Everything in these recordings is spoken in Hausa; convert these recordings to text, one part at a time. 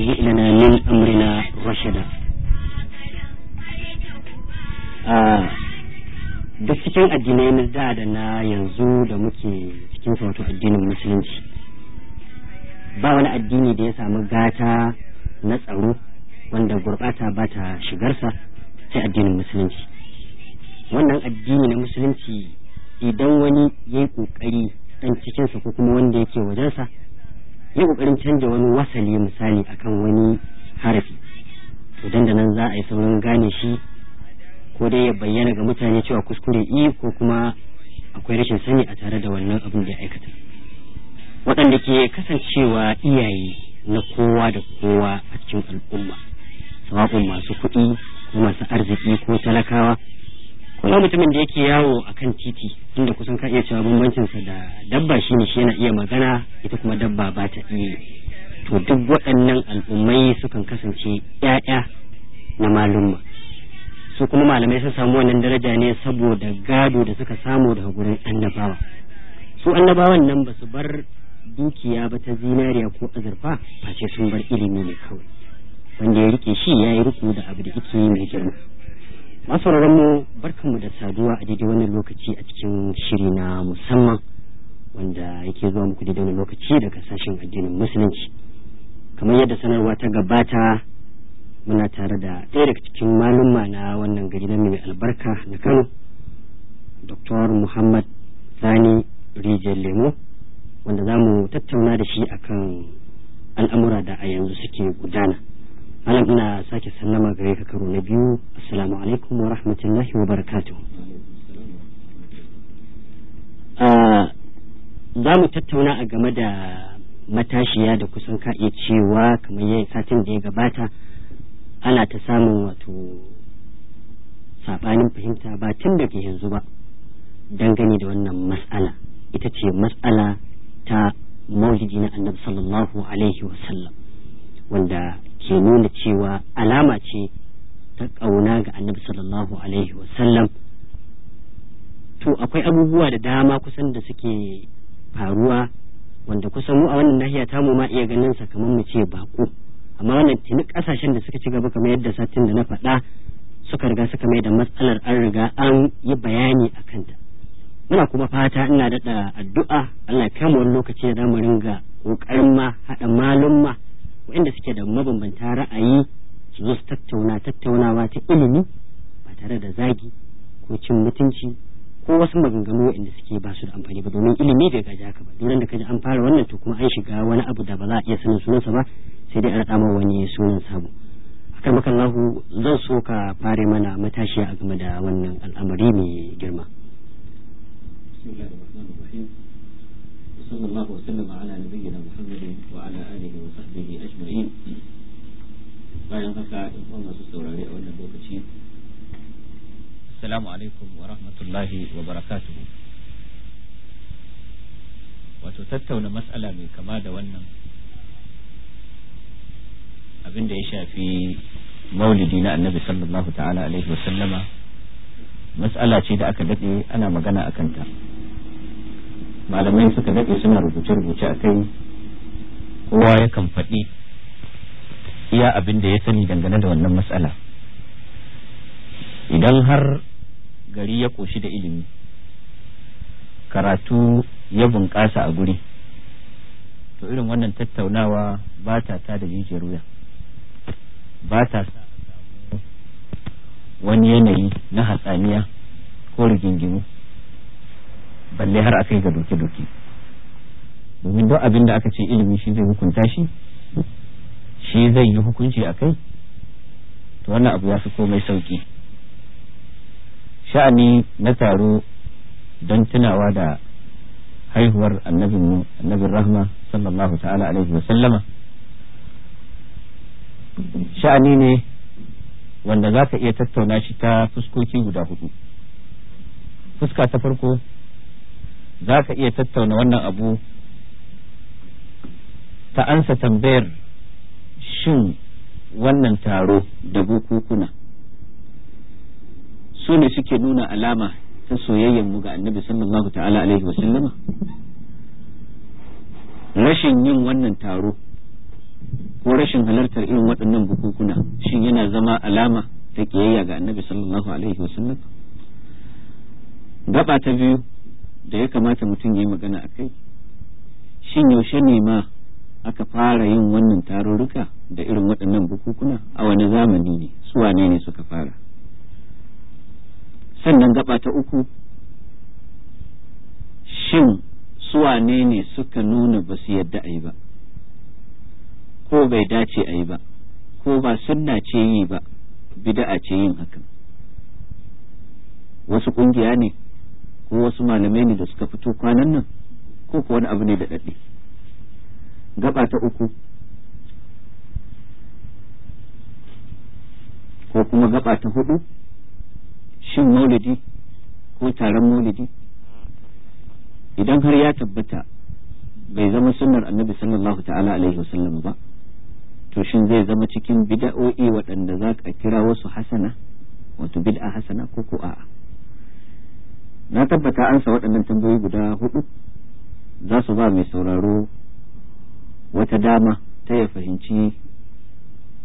وهيئ لنا من أمرنا a da cikin addinai na da da na yanzu da muke cikin wato addinin musulunci ba wani addini da ya samu gata na tsaro wanda gurɓata ba ta shigarsa sai addinin musulunci wannan addini na musulunci idan wani ya yi ƙoƙari ɗan cikinsa ko kuma wanda yake wajensa yi ƙoƙarin canja wani wasali misali akan wani harafi to nan za a yi saurin gane shi ko dai ya bayyana ga mutane cewa kuskure i ko kuma akwai rashin sani a tare da wannan abin da ya aikata waɗanda ke kasancewa iyaye na kowa da kowa a cikin al'umma sawa'un masu kuɗi ko masu arziki ko talakawa kuma mutumin da yake yawo a kan titi inda kusan ka iya cewa bambancinsa da dabba shi ne shi yana iya magana ita kuma dabba ba ta iya to duk waɗannan al'ummai sukan kasance ‘ya'ya na malumma su kuma malamai sun samu wannan daraja ne saboda gado da suka samu daga gurin annabawa su annabawan nan ba su bar dukiya ba ta zinariya ko azurfa face sun bar ilimi ne kawai wanda ya rike shi ya yi riko da abu da yake mai girma masauraran mu barkanmu da saduwa a daidai wannan lokaci a cikin shiri na musamman wanda yake zuwa muku daidai wannan lokaci daga sashen addinin musulunci kamar yadda sanarwa ta gabata muna tare da ɗaya daga cikin malumma na wannan gari na mai albarka na kano dr muhammad Zani rijiyar lemo wanda za mu tattauna da shi akan al'amura da a yanzu suke gudana malam ina sake sallama gare ka karo na biyu assalamu alaikum wa rahmatullahi wa barakatuh ah, za mu tattauna a game da matashiya da kusan ka iya cewa kamar yayin satin da ya gabata ana ta samun wato saɓanin fahimta ba tun daga yanzu ba dangane da wannan matsala ita ce matsala ta maulidi na annabi sallallahu alaihi wasallam wanda ke nuna cewa alama ce ta ƙauna ga annabi sallallahu alaihi wasallam to akwai abubuwa da dama kusan da suke faruwa wanda kusan mu a wannan nahiya ta mu ma iya ganin sa kamar mu ce bako amma wannan tuni kasashen da suka ci gaba kamar yadda satin da na faɗa suka riga suka mai da matsalar an riga an yi bayani a kanta muna kuma fata ina daɗa addu'a Allah ya kama wani lokaci da mu ringa ƙoƙarin ma haɗa malumma waɗanda suke da mabambanta ra'ayi su zo su tattauna tattaunawa ta ilimi ba tare da zagi ko cin mutunci ko wasu maganganu waɗanda suke ba su da amfani ba domin ilimi bai gaji haka ba duk da kaji an fara wannan to kuma an shiga wani abu da ba za a iya sanin sunansa ba sai dai a raɗa wani sunan sabo akan maka lahu zan so ka fare mana matashi a game da wannan al'amari mai girma. صلى الله وسلم على نبينا محمد وعلى وصحبه bayan haka masu a wannan lokaci assalamu alaikum wa rahmatullahi wa barakatuhu wato tattauna matsala mai kama da wannan abin da ya shafi maulidi na annabi sallallahu ta'ala alaihi wa sallama matsala ce da aka daɗe ana magana a kanta malamai suka daɗe suna rubuce-rubuce a kai kowa ya kan faɗi iya abin da ya sani dangane da wannan matsala idan har gari ya koshi da ilimi karatu ya bunƙasa a guri to irin wannan tattaunawa ba ta ta da jijiyar wuya ba ta sa samu wani yanayi na hatsaniya ko rigingimu balle har akai ga doke-doke domin duk abin da aka ce ilimi shi zai hukunta shi shi zai yi hukunci a kai to wannan abu ya fi komai sauki sha'ani na taro don tunawa da haihuwar annabin annabin rahma sallallahu ta'ala alaihi wa sallama sha'ani ne wanda za ka iya tattauna shi ta fuskoki guda hudu fuska ta farko za ka iya tattauna wannan abu ta ansa tambayar shin wannan taro da bukukuna su ne suke nuna alama ta soyayyar mu ga annabi sallallahu ta'ala alaihi wa sallama rashin yin wannan taro ko rashin halartar irin waɗannan bukukuna shin yana zama alama ta ƙiyayya ga annabi sallallahu alaihi wa sallam gaba ta biyu da ya kamata mutum ya yi magana a kai shin yaushe ne ma aka fara yin wannan tarurruka da irin waɗannan bukukuna a wani zamani ne su wane ne suka fara sannan gaba ta uku shin su wane ne suka nuna ba su yadda a yi ba ko bai dace a yi ba ko ba sunna ce yi ba bida a ce yin hakan wasu ƙungiya ne ko wasu malamai ne da suka fito kwanan nan ko ko wani abu ne da daɗe gaba ta uku ko kuma gaba ta hudu shin maulidi ko taron maulidi idan har ya tabbata bai zama sunnar annabi sallallahu ta'ala alaihi wasallam ba to shin zai zama cikin bida'o'i waɗanda za ka kira wasu hasana wato bid'a hasana ko ko a'a na tabbata an sa waɗannan tambayoyi guda hudu za su ba mai sauraro wata dama ta ya fahimci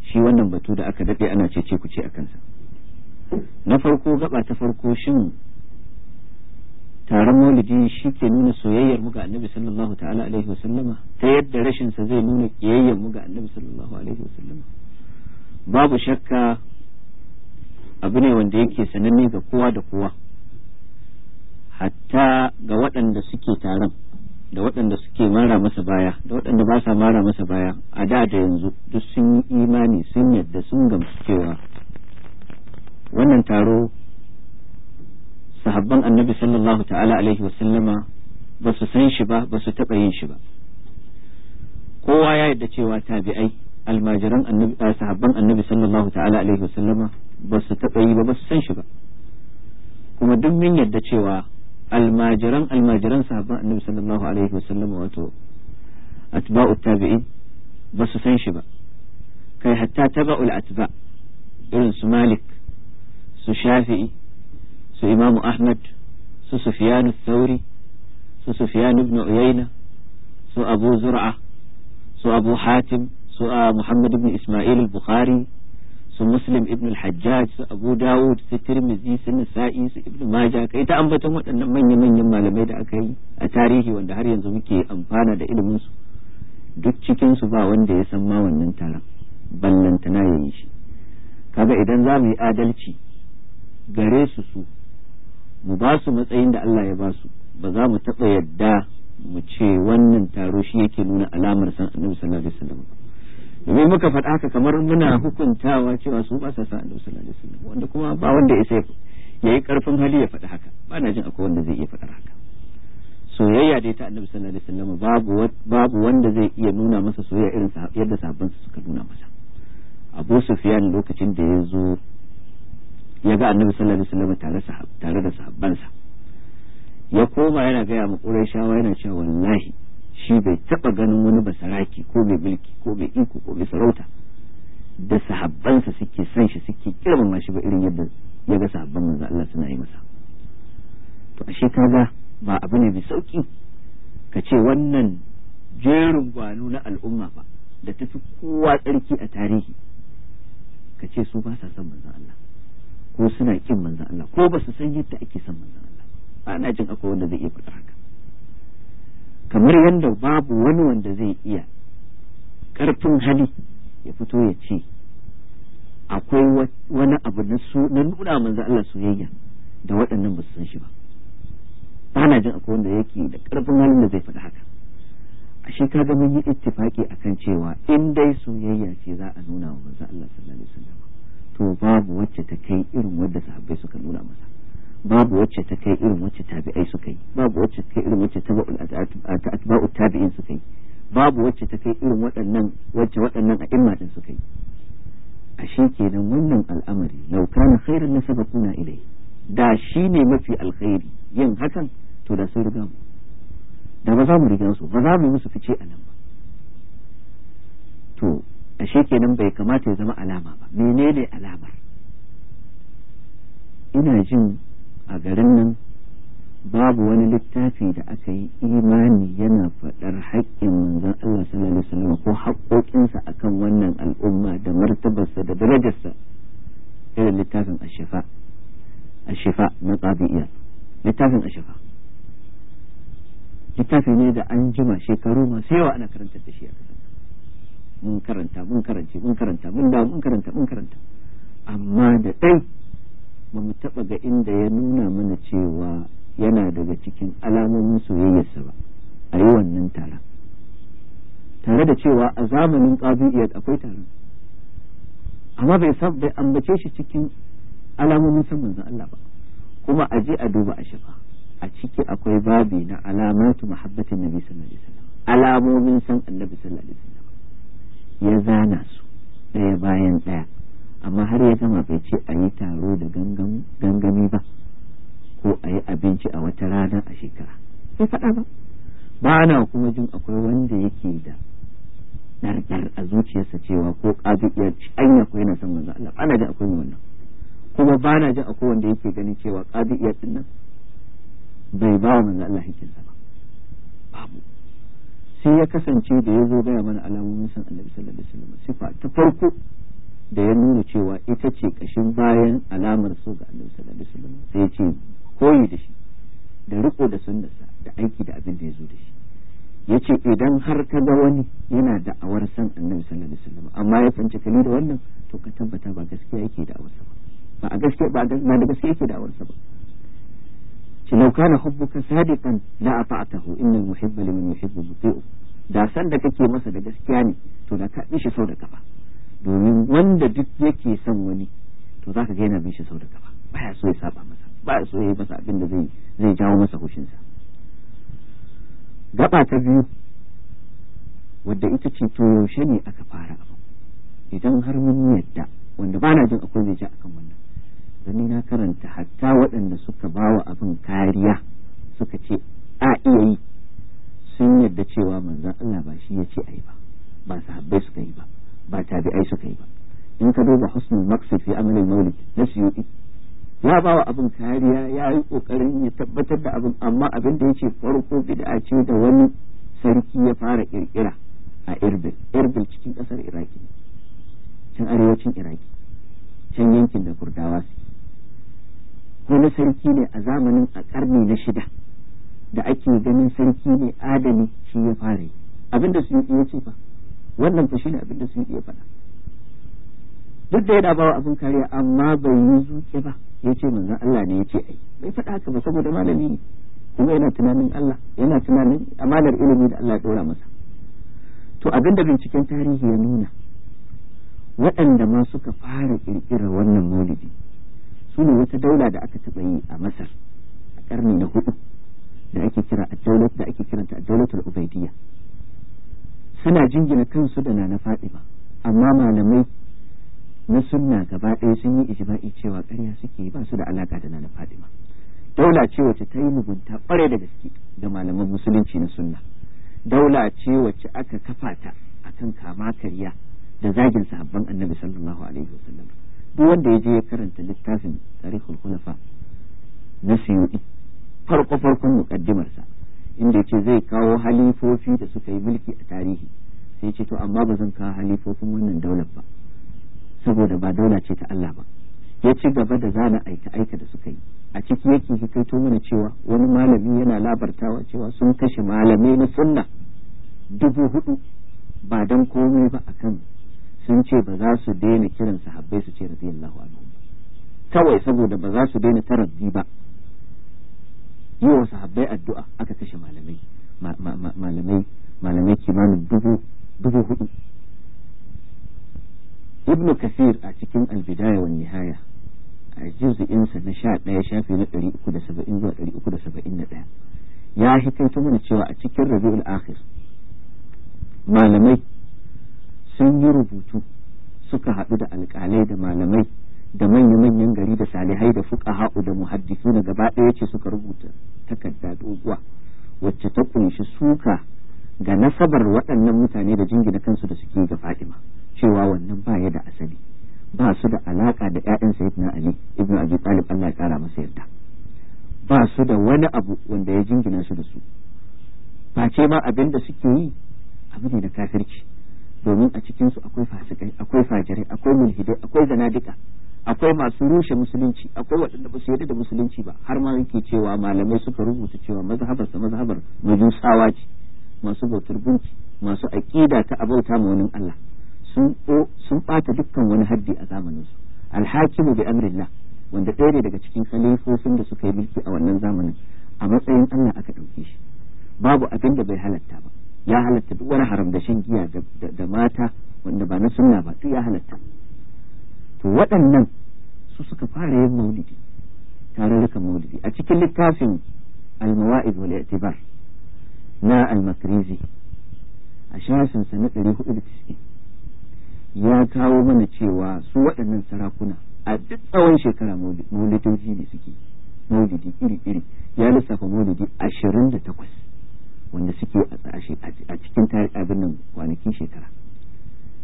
shi wannan batu da aka daɗe ana ce ku ce a kansa na farko gaba ta farko shin taron maulidi shi ke nuna soyayyar mu ga annabi sallallahu ta'ala alaihi wasallama ta yadda rashin sa zai nuna kiyayyar mu ga annabi sallallahu alaihi wasallama babu shakka abu ne wanda yake sananne ga kowa da kowa hatta ga waɗanda suke taron da waɗanda suke mara masa baya da waɗanda ba sa mara masa baya a da da yanzu duk sun yi imani sun yadda sun gamsu cewa wannan taro sahabban annabi sallallahu ta'ala alaihi wasallama ba su san shi ba ba su taɓa yin shi ba kowa ya yadda cewa tabi'ai almajiran annabi sahabban annabi sallallahu ta'ala alaihi wasallama ba su taɓa yi ba ba su san shi ba kuma duk min yadda cewa almajiran almajiran sahabban annabi sallallahu alaihi wasallam wato atba'u tabi'in ba su san shi ba kai hatta taba'ul atba irin su malik su shafi'i su imamu ahmad su sufyan thauri su sufyan ibn uyayna su abu zur'a su abu hatim su muhammad ibn isma'il al-bukhari su muslim ibn al-hajjaj su abu dawud su tirmizi su nisa'i su ibn maja kai ta ambaton waɗannan manyan manyan malamai da aka yi a tarihi wanda har yanzu muke amfana da ilimin su duk cikin su ba wanda ya san ma wannan taron ballantana ya yi shi kaga idan za mu yi adalci gare su su mu ba su matsayin da Allah ya ba su ba za mu taɓa yadda mu ce wannan taro shi yake nuna alamar san annabi sallallahu alaihi wasallam domin muka faɗa haka kamar muna hukuntawa cewa su ba sa sa annabi sallallahu alaihi wasallam wanda kuma ba wanda ya yayi karfin hali ya faɗi haka ba na jin akwai wanda zai iya faɗar haka soyayya dai ta annabi sallallahu alaihi wasallam babu babu wanda zai iya nuna masa soyayya irin yadda sahabban suka nuna masa Abu Sufyan lokacin da ya zo ya ga annabi sallallahu alaihi wasallam tare da da sa ya koma yana gaya ma Qurayshawa yana cewa wallahi shi bai taɓa ganin wani basaraki ko mai mulki ko mai iko ko mai sarauta da sahabbansa suke san shi suke girmama shi ba irin yadda ya ga sahabban manzo Allah suna yi masa to ashe kaza ba abu ne mai sauki ka ce wannan jerin gwanu na al'umma ba da ta fi kowa tsarki a tarihi ka ce su ba sa son manzo Allah ko suna kin manzo Allah ko ba su san yadda ake son manzo Allah ana jin akwai wanda zai iya faɗa haka kamar yadda babu wani wanda zai iya ƙarfin hali ya fito ya ce akwai wani abu na nuna manzo Allah soyayya da waɗannan ba su san shi ba ba na jin akwai wanda yake da karfin halin da zai faɗi haka ashe ka ga mun yi ittifaki akan cewa in dai soyayya ce za a nuna wa manzo Allah sallallahu alaihi wasallam to babu wacce ta kai irin wadda sahabbai suka nuna masa babu wacce ta kai irin wacce tabi'ai suka yi babu wacce ta kai irin wacce atba'u tabi'in suka yi babu wacce ta kai irin waɗannan wacce waɗannan a imma din suka yi ashe kenan wannan al'amari law kana khairan la sabaquna ilai da shi ne mafi alkhairi yin hakan to da sun riga mu da ba za mu riga su ba za mu musu fice a nan ba to ashe kenan bai kamata ya zama alama ba menene alamar ina jin a garin nan babu wani littafi da aka yi imani yana faɗar haƙƙin manzon Allah sallallahu alaihi wasallam ko haƙƙoƙinsa akan wannan al'umma da martabarsa da darajarsa irin littafin ashifa ashifa na qabi'iyya littafin ashifa littafi ne da an jima shekaru masu yawa ana karanta da shi a kasan mun karanta mun karance mun karanta mun dawo mun karanta mun karanta amma da ɗai ba mu taɓa ga inda ya nuna mana cewa yana daga cikin alamomin soyayyarsa ba a yi wannan taron tare da cewa a zamanin ƙabiliyar akwai taron amma bai bai ambace shi cikin alamomin san manzon Allah ba kuma a je a duba a shafa a ciki akwai babi na alamatu muhabbatin nabi sallallahu alaihi wasallam alamomin san annabi sallallahu alaihi wasallam ya zana su ɗaya bayan ɗaya amma har ya gama bai ce a yi taro da gangami ba ko a yi abinci a wata rana a shekara sai faɗa ba ba na kuma jin akwai wanda yake da ɗarɗar a zuciyarsa cewa ko ƙazuƙiyar anya ko yana son manzo Allah ana ji akwai wannan kuma ba na jin akwai wanda yake ganin cewa ƙazuƙiyar din nan bai ba wa manzo Allah sa ba babu sai ya kasance da ya zo gaya mana alamomin san Allah sallallahu alaihi wasallam sifa ta farko da ya nuna cewa ita ce kashin bayan alamar so ga annabi sallallahu alaihi wasallam sai ya ce koyi da shi da riko da sunnarsa da aiki da abin da ya zo da shi yace idan har ka ga wani yana da awar san annabi sallallahu alaihi wasallam amma ya tsinci kani da wannan to ka tabbata ba gaskiya yake da awarsa ba ba a gaskiya ba da gaskiya yake da awarsa ba ce lau kana hubbuka sadiqan la ata'tahu innal muhibba liman yuhibbu muti'u da san da kake masa da gaskiya ne to da ka bi shi da da kafa domin wanda duk yake son wani to za ga yana bin shi sau da gaba baya so ya saba masa baya so ya yi masa abin da zai jawo masa hushinsa gaba ta biyu wadda ita ce to yaushe ne aka fara abu idan har mun yadda wanda ba na jin akwai mai ja akan wannan don na karanta hatta waɗanda suka bawa abin kariya suka ce a iya yi sun yadda cewa manzan Allah ba shi ya ce yi ba ba sahabbai suka yi ba ba tabi'ai suka yi ba in ka duba husnul maqsid fi amali maulid mawlid na suyuti ya bawa abin kariya ya yi kokarin ya tabbatar da abin amma abin da yake farko bid'a ce da wani sarki ya fara kirkira a Erbil Erbil cikin kasar Iraki can arewacin Iraki can yankin da Kurdawa su wani sarki ne a zamanin a karni na shida da ake ganin sarki ne adami shi ya fara yi abin da su yi ce fa wannan fa shine abin da su iya faɗa duk da yana bawa abin kariya amma bai yi zuke ba ya ce manzon Allah ne ya ce ai bai faɗa haka ba saboda malami kuma yana tunanin Allah yana tunanin amalar ilimi da Allah ya dora masa to abinda binciken tarihi ya nuna waɗanda ma suka fara ƙirƙirar wannan maulidi su ne wata daula da aka taɓa yi a Masar a ƙarni na hudu da ake kira a da ake kiranta a daulatul Ubaidiyya suna jingina kansu da nana ba amma malamai na sunna gaba ɗaya sun yi ijma'i cewa ƙarya suke ba su da alaka da nana ba daula ce wacce ta yi mugunta ƙware da gaske da malaman musulunci na sunna daula ce wacce aka kafa ta akan kama karya da zagin sahabban annabi sallallahu alaihi wasallam duk wanda ya je ya karanta littafin tarihul khulafa na suyuɗi farko farkon mukaddimarsa inda yake zai kawo halifofi da suka yi mulki a tarihi sai ce to amma ba zan kawo halifofin wannan daular ba saboda ba daula ce ta Allah ba ya ci gaba da zana aika aika da suka yi a ciki yake hikaito mana cewa wani malami yana labartawa cewa sun kashe malamai na sunna dubu hudu ba dan komai ba akan sun ce ba za su daina kiran habbai su ce radiyallahu anhu kawai saboda ba za su daina taraddi ba yi wa sahabbai addu'a aka kashe malamai malamai malamai kimanin dubu dubu hudu ibnu kasir a cikin albidaya wa nihaya a juz'insa na sha daya shafi na dari uku da saba'in zuwa dari uku da saba'in da daya ya hikaito mana cewa a cikin rabi'ul akhir malamai sun yi rubutu suka haɗu da alƙalai da malamai da manya-manyan gari da salihai da haɗu da muhaddisu na gaba ɗaya ce suka rubuta takarda doguwa wacce ta kunshi suka ga nasabar waɗannan mutane da jingina kansu da suke ga Fatima cewa wannan ba ya da asali ba su da alaka da ƴaƴan Sayyidina Ali ibn Abi Talib Allah ya kara masa yarda ba su da wani abu wanda ya jingina su da su ba ce ma abin da suke yi abu ne da kafirci domin a cikin su akwai fasikai akwai fajirai akwai mulhidai akwai zanadika akwai masu rushe musulunci akwai waɗanda ba su yarda da musulunci ba har ma yake cewa malamai suka rubuta cewa mazhabar sa mazhabar majusawa ce masu bautar gunki masu aqida ta abauta ma wani Allah sun sun bata dukkan wani haddi a zamanin su alhakimu bi amrillah wanda ɗaya daga cikin khalifofin da suka yi mulki a wannan zamanin a matsayin Allah aka ɗauke shi babu abin da bai halatta ba ya halatta duk wani haram da shan giya da mata wanda ba na sunna ba duk ya halatta to waɗannan su suka fara yin maulidi tarurrukan maulidi a cikin littafin al-mawa'id wal i'tibar na al-makrizi a shafin sa na 490 ya kawo mana cewa su waɗannan sarakuna a duk tsawon shekara maulidoji ne suke maulidi iri-iri ya lissafa maulidi ashirin da takwas wanda suke a cikin abin nan kwanakin shekara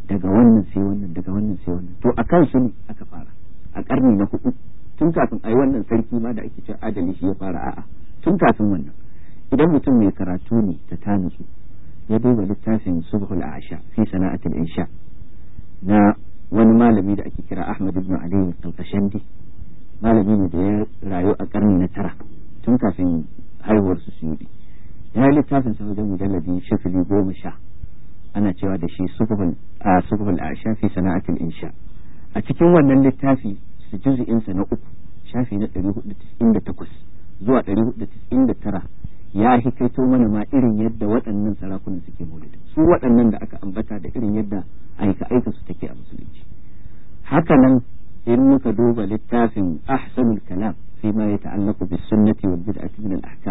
daga wannan sai wannan daga wannan sai wannan to a kan kansu ne aka fara a karni na hudu tun kafin a yi wannan sarki ma da ake cewa adali shi ya fara a'a tun kafin wannan idan mutum mai karatu ne ta tanutsu ya duba littafin subhul asha fi sana'atul insha na wani malami da ake kira Ahmad ibn Ali al-Qashandi malami ne da ya rayu a karni na tara tun kafin haihuwar su suyudi ya yi littafin sa wajen mujalladi shifili goma sha ana cewa da shi sufuful a shafi sana'atul insha a cikin wannan littafi su juzi'insa na uku shafi na takwas zuwa ɗari da tara ya hikaito mana ma irin yadda waɗannan sarakunan suke maulidi su waɗannan da aka ambata da irin yadda aika aika su take a musulunci haka nan in muka duba littafin ahsanul kalam fi ma ya ta'allaqu bis sunnati wal bid'ati min al ahkam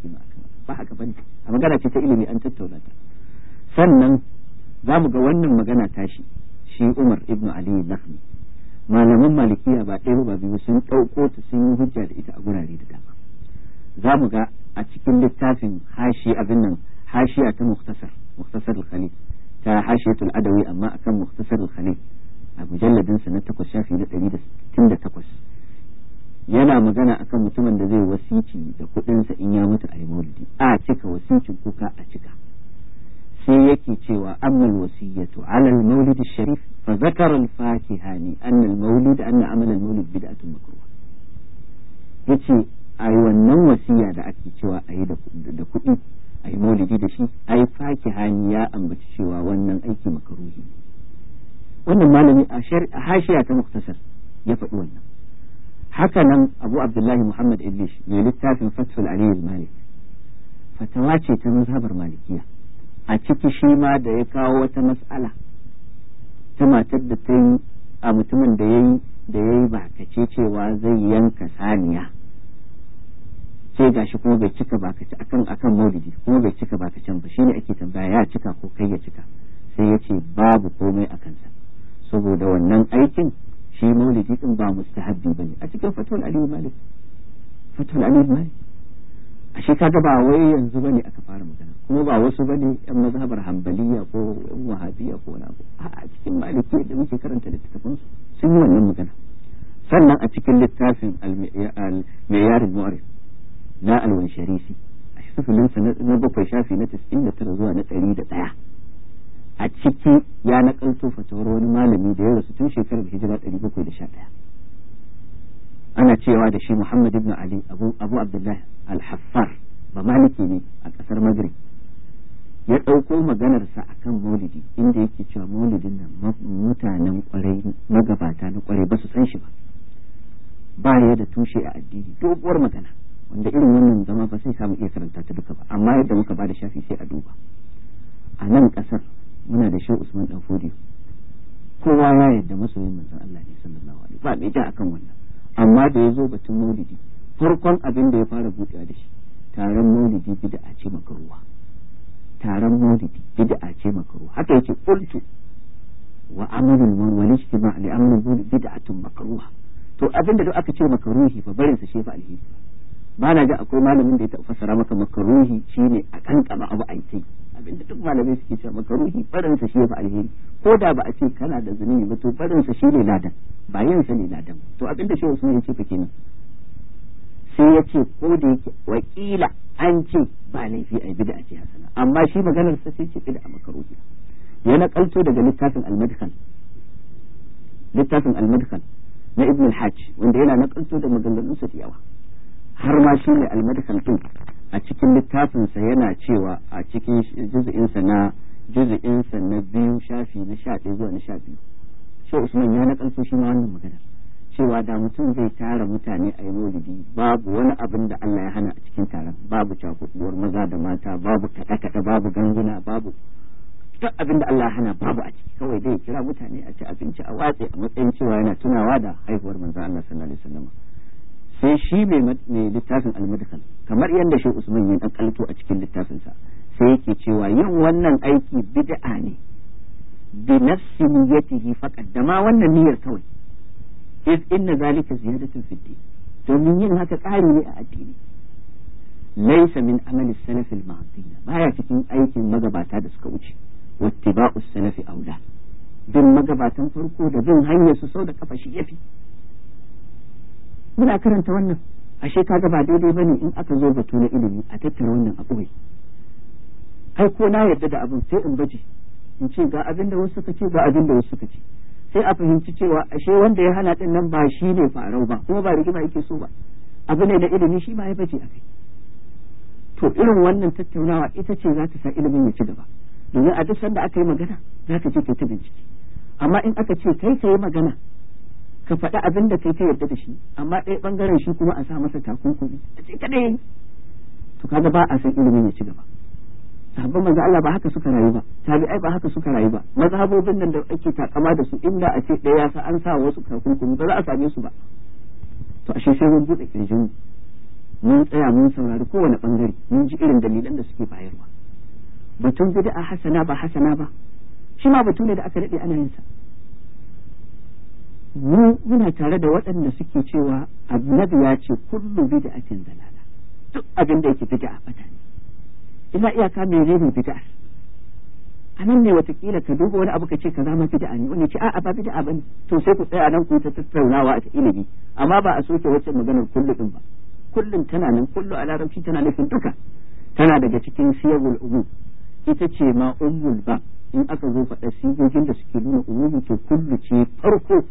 rigima akan ba haka bane a magana ce ta ilimi an tattauna ta sannan za mu ga wannan magana tashi shi Umar ibn Ali Lakhmi malaman malikiya ba ɗaya ba biyu sun ɗauko ta sun yi hujja da ita a gurare da dama za mu ga a cikin littafin hashi abin nan hashiya ta muktasar muktasar al ta hashiyatul adawi amma akan muktasar al khalid a mujalladin sa na takwas shafi na ɗari da sittin da takwas yana magana akan mutumin da zai wasici da kuɗinsa in ya mutu a yi maulidi a cika wasicin kuka a cika sai yake cewa amal wasiyatu ala al-maulid sharif fa zakara al-fakihani anna al-maulid anna amal al-maulid bid'atun makruha yace ai wannan wasiya da ake cewa ayi da kuɗi ayi maulidi da shi ai fakihani ya ambaci cewa wannan aiki makruhi wannan malami a hashiya ta muktasar ya faɗi wannan haka nan abu abdullahi muhammad iblis mai littafin fathul aliyu malik fatawa ce ta mazhabar malikiya a ciki shi ma da ya kawo wata mas'ala ta matar da ta yi a mutumin da ya yi da ya yi cewa zai yanka saniya ce ga shi kuma bai cika ci akan akan maulidi kuma bai cika can ba shine ake tambaya ya cika ko kai ya cika sai ya ce babu komai a kansa saboda wannan aikin shi maulidi din ba mustahabbi bane a cikin fatul aliyu malik fatul aliyu malik a shi kaga ba wai yanzu bane aka fara magana kuma ba wasu bane yan mazhabar hanbaliya ko yan wahabiya ko wani abu a cikin maliki da muke karanta littattafan sun yi wannan magana sannan a cikin littafin al-mayarid mu'arif na al-wansharisi a sa na bakwai shafi na 99 zuwa na 101 a ciki ya kanto fatawar wani malami da ya rasu tun shekarar hijira 711 ana cewa da shi Muhammad ibn Ali Abu Abu Abdullah al-Haffar ba maliki ne a kasar Maghrib ya ɗauko maganarsa akan maulidi inda yake cewa maulidin nan mutanen kwarai magabata na kwarai ba su san shi ba ba ya da tushe a addini doguwar magana wanda irin wannan zama ba sai samu iya karanta ta duka ba amma yadda muka ba da shafi sai a duba a nan ƙasar muna da shi Usman dan Fodi kowa ya yadda masoyin manzon Allah ne sallallahu alaihi ba bid'a akan wannan amma da yazo batun maulidi farkon abin da ya fara buɗewa da shi taron maulidi bid'a ce makaruwa taron maulidi bid'a ce makaruwa haka yake qultu wa amalul wal da li amrul maka ruwa to abin da duk aka ce makaruhi fa barin sa shefa alheri ba na ga akwai malamin da ya taɓa fassara maka makaruhi shi ne a kankama abu a yi abinda duk malamai suke cewa makaruhi barinsa shi yafi alheri ko da ba a ce kana da zunubi ba to barinsa shi ne ladan ba yin sa ne ladan to abinda shi wasu ya ce fa kenan sai ya ce ko da yake wakila an ce ba laifi a bida a ce hasana amma shi maganar sa sai ce bida a makaruhi ya naƙalto daga littafin almadkan littafin almadkan na ibn al-hajj wanda yana naƙalto da maganganun sa da yawa har ma shi ne almadkhal din a cikin littafinsa yana cewa a cikin juz'insa na juz'insa na biyu shafi na sha ɗaya zuwa na sha biyu shi usman ya nakalto shi ma wannan magana cewa da mutum zai tara mutane a yi maulidi babu wani abin da Allah ya hana a cikin taron babu cakuduwar maza da mata babu kaɗe-kaɗe babu ganguna babu duk abin da Allah hana babu a ciki kawai dai kira mutane a ci abinci a watse a matsayin cewa yana tunawa da haihuwar manzo Allah sallallahu alaihi wasallam sai eh, shi mai littafin almadkhal kamar yadda shi usman ya dan kalto a cikin littafinsa sai yake cewa yin wannan aiki bid'a ne bi nafsi niyyatihi faqat da ma wannan niyyar kawai iz inna zalika ziyadatun fi din domin yin haka ƙari ne a addini laysa min amali salaf al baya cikin aikin magabata da suka wuce wattiba'u salafi aula bin magabatan farko da bin hanyar su sau da kafa shi yafi muna karanta wannan ashe kaga ba daidai bane in aka zo batu na ilimi a tattara wannan a ɓoye ai ko na yarda da abin sai in baje in ce ga abin da wasu suka ce ga abin da wasu suka ce sai a fahimci cewa ashe wanda ya hana din nan ba shi ne farau ba kuma ba rigima yake so ba abu ne na ilimi shi ma ya baje a kai to irin wannan tattaunawa ita ce za ta sa ilimin ya ci gaba domin a duk sanda aka yi magana za ka je kai ta bincike amma in aka ce kai ka yi magana ka faɗi abin da kai ka yarda da shi amma ɗaya ɓangaren shi kuma a sa masa takunkumi a ce kaɗai to kaga ba a san ilimin ya ci gaba sahabban maza Allah ba haka suka rayu ba tabi'ai ba haka suka rayu ba maza mazhabobin nan da ake takama da su inda a ce ɗaya sa an sa wasu takunkumi ba za a same su ba to ashe sai mun buɗe kirjin mun tsaya mun saurari kowane bangare mun ji irin dalilan da suke bayarwa batun bid'a hasana ba hasana ba shi ma batu da aka daɗe ana yin sa mu muna tare da waɗanda suke cewa annabi ya ce kullum da ake dalala duk abin da yake bid'a bata ne illa iyaka menene bid'a a nan ne watakila ka duba wani abu ka ce ka zama bid'a ne wani ce a'a ba bid'a bane to sai ku tsaya nan ku ta tattaunawa a ilimi amma ba a soke wacce maganar kullum din ba kullum tana nan kullum a larabci tana nufin duka tana daga cikin siyagul ugu ita ce ma ummul ba in aka zo faɗa sigogin da suke nuna umumi to kullum ce farko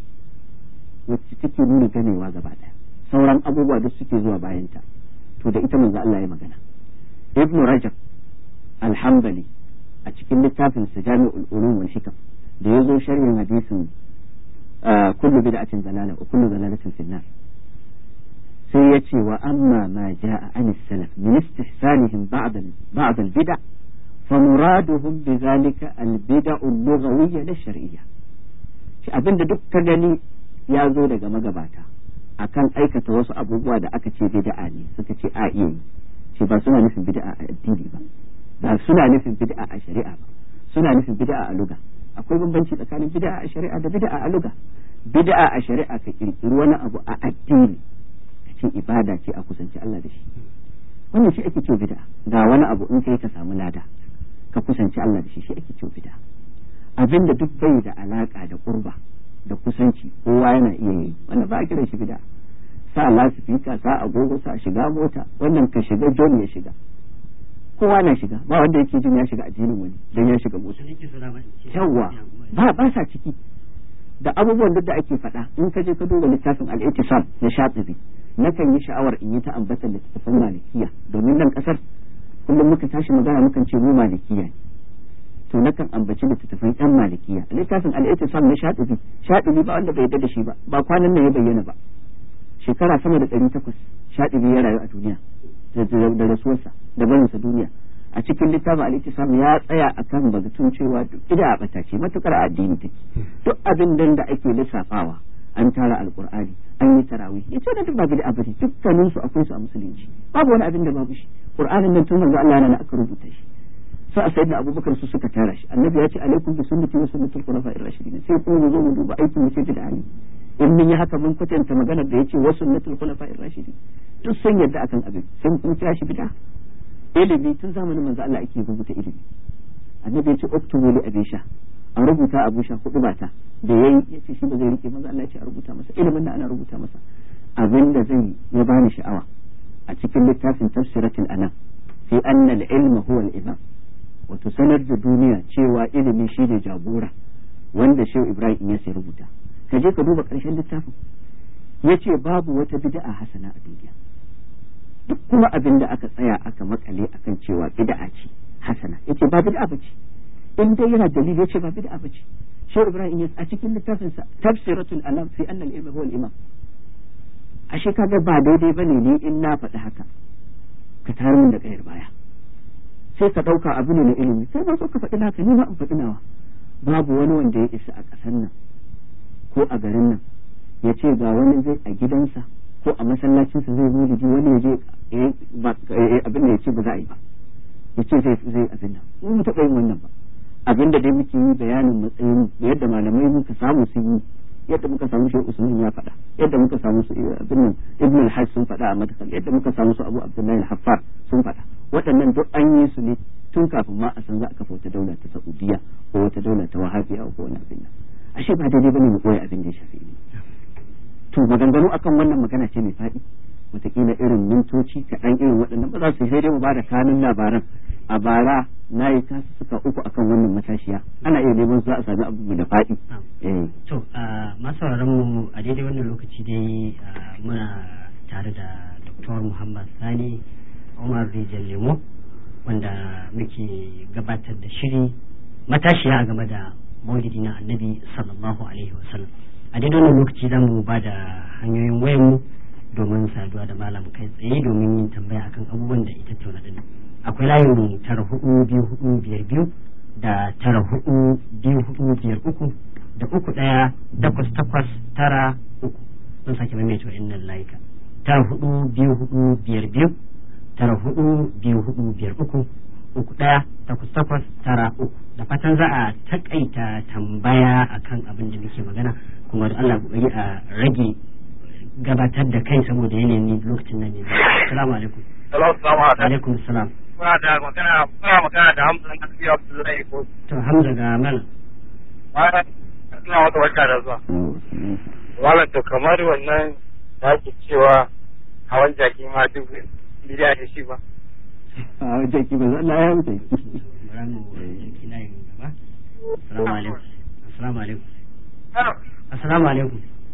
wacce take nuna ganewa gaba ɗaya sauran abubuwa duk suke zuwa bayanta to da ita manzo Allah ya magana ibn rajab alhambali a cikin littafin sa jami'ul ulum wal hikam da yazo sharhin hadisin kullu bid'atin dalala wa kullu dalalatin fi nar sai ce wa amma ma jaa anis salaf min istihsanihim ba'd ba'd al bid'a فمرادهم بذلك البدع اللغوية لا الشرعية abinda duk ka gani ya zo daga magabata akan aikata wasu abubuwa da aka ce bid'a ne suka ce a iya eh, yi ce ba suna nufin bid'a a addini ba ba suna nufin bid'a a shari'a ba suna nufin bid'a a luga akwai bambanci tsakanin bid'a a shari'a da bid'a a luga bid'a a shari'a ka kirkiri wani abu a addini ce ibada ce a kusanci Allah da shi wannan shi ake cewa bid'a ga wani abu in kai ka samu lada ka kusanci Allah da shi shi ake cewa bid'a abinda duk bai da alaka da qurba da kusanci kowa yana iya yi wanda ba kira shi gida sa lasifika sa agogo sa shiga mota wannan ka shiga jon ya shiga kowa na shiga ba wanda yake jin ya shiga addinin wani dan ya shiga mota yawa ba ba sa ciki da abubuwan da ake faɗa in ka je ka duba littafin al-ittisal na na kan yi sha'awar in yi ta ambatan littattafan malikiya domin nan kasar kullum muka tashi magana mukan ce mu malikiya ne to nakan ambaci littattafan yan malikiya littafin al na shadibi shadibi ba wanda bai yadda da shi ba ba kwanan nan ya bayyana ba shekara sama da takwas shadibi ya rayu a duniya da rasuwarsa da barinsa duniya a cikin littafin al ya tsaya akan batun cewa ida a batace matukar addini take duk abin da ake lissafawa an tara Alƙur'ani an yi tarawih ce da duk ba bid'a bane dukkaninsu akwai su a musulunci babu wani abin da babu shi qur'anin nan tun manzo Allah yana aka rubuta shi sa'a sayyidina abubakar su suka tara shi annabi ya ce alaikum bi sunnati wa sunnatul khulafa'ir rashidin sai kuma mu zo mu duba aikin mu da bid'a in mun yi haka mun kwatanta maganar da yace wa sunnatul khulafa'ir rashidin duk san yadda akan abin sai mun kira shi bid'a ilimi tun zamanin manzo Allah ake rubuta ilimi annabi ya ce uktubu li abisha an rubuta abu sha hudu bata da ya ce shi ba zai rike manzo Allah ya ce a rubuta masa ilimin da ana rubuta masa abin da zai ya bani sha'awa a cikin littafin tafsiratul anam fi anna al-ilma huwa al-imam wato sanar da duniya cewa ilimi shine jagora wanda shehu ibrahim ya sai rubuta ka je ka duba ƙarshen littafin ya ce babu wata bid'a hasana a duniya duk kuma abin da aka tsaya aka makale akan cewa bid'a ce hasana ce ba bid'a bace in dai yana dalili ce ba bid'a bace shehu ibrahim ya a cikin littafin sa tafsiratul alam fi anna al-ilm huwa al-imam ashe kaga ba daidai bane ni in na faɗi haka ka tarin da kayar baya sai ka ɗauka abu ne na ilimi sai ba so ka faɗi haka ni ma in faɗi nawa babu wani wanda ya isa a ƙasar nan ko a garin nan ya ce ga wani zai a gidansa ko a masallacinsa zai ji wani ya je abin da ya ce ba za a yi ba ya ce zai zai abin nan mun taɓa yin wannan ba abin da dai muke yi bayanin matsayin yadda malamai muka samu sun yi yadda muka samu shi usman ya faɗa yadda muka samu su eh, ibn ibn al-hajj sun faɗa a madkhal yadda muka samu su abu abdullahi al-haffar sun faɗa waɗannan duk an yi su ne tun kafin ma a san za a kafa wata daula ta saudiya ko wata daula ta wahabiya ko wani abin nan ashe ba daidai bane mu koyi abin da ya shafi to maganganu akan wannan magana ce mai faɗi wataƙila irin mintoci kaɗan irin waɗannan ba za su sai dai mu ba da kanun labaran a bara na yi tasu suka uku akan wannan matashiya ana iya neman za a sami abubuwa da faɗi. Eh. to masu mu a daidai wannan lokaci dai muna tare da dr muhammad sani umar rijal lemo wanda muke gabatar da shiri matashiya game da maulidi na annabi sallallahu alaihi wasallam a daidai wannan lokaci za mu ba da hanyoyin wayanmu domin saduwa da malam kai tsaye domin yin tambaya akan abubuwan da ita da ni akwai layin tara hudu biyu hudu biyar biyu da tara hudu biyu hudu biyar uku da uku daya takwas takwas tara uku sun sake mai mai nan layika tara hudu biyu hudu biyar biyu tara hudu biyu hudu biyar uku uku daya takwas takwas tara uku da fatan za a takaita tambaya akan abin da muke magana kuma da Allah a rage gabatar da kai saboda yanayin lokacin nan ne Salamu alaikum Salamu alaikum da magana magana da Hamza na Tafiya Abdullahi ko to Hamza ga mana kamar da shi ba jaki zan alaikum assalamu alaikum assalamu alaikum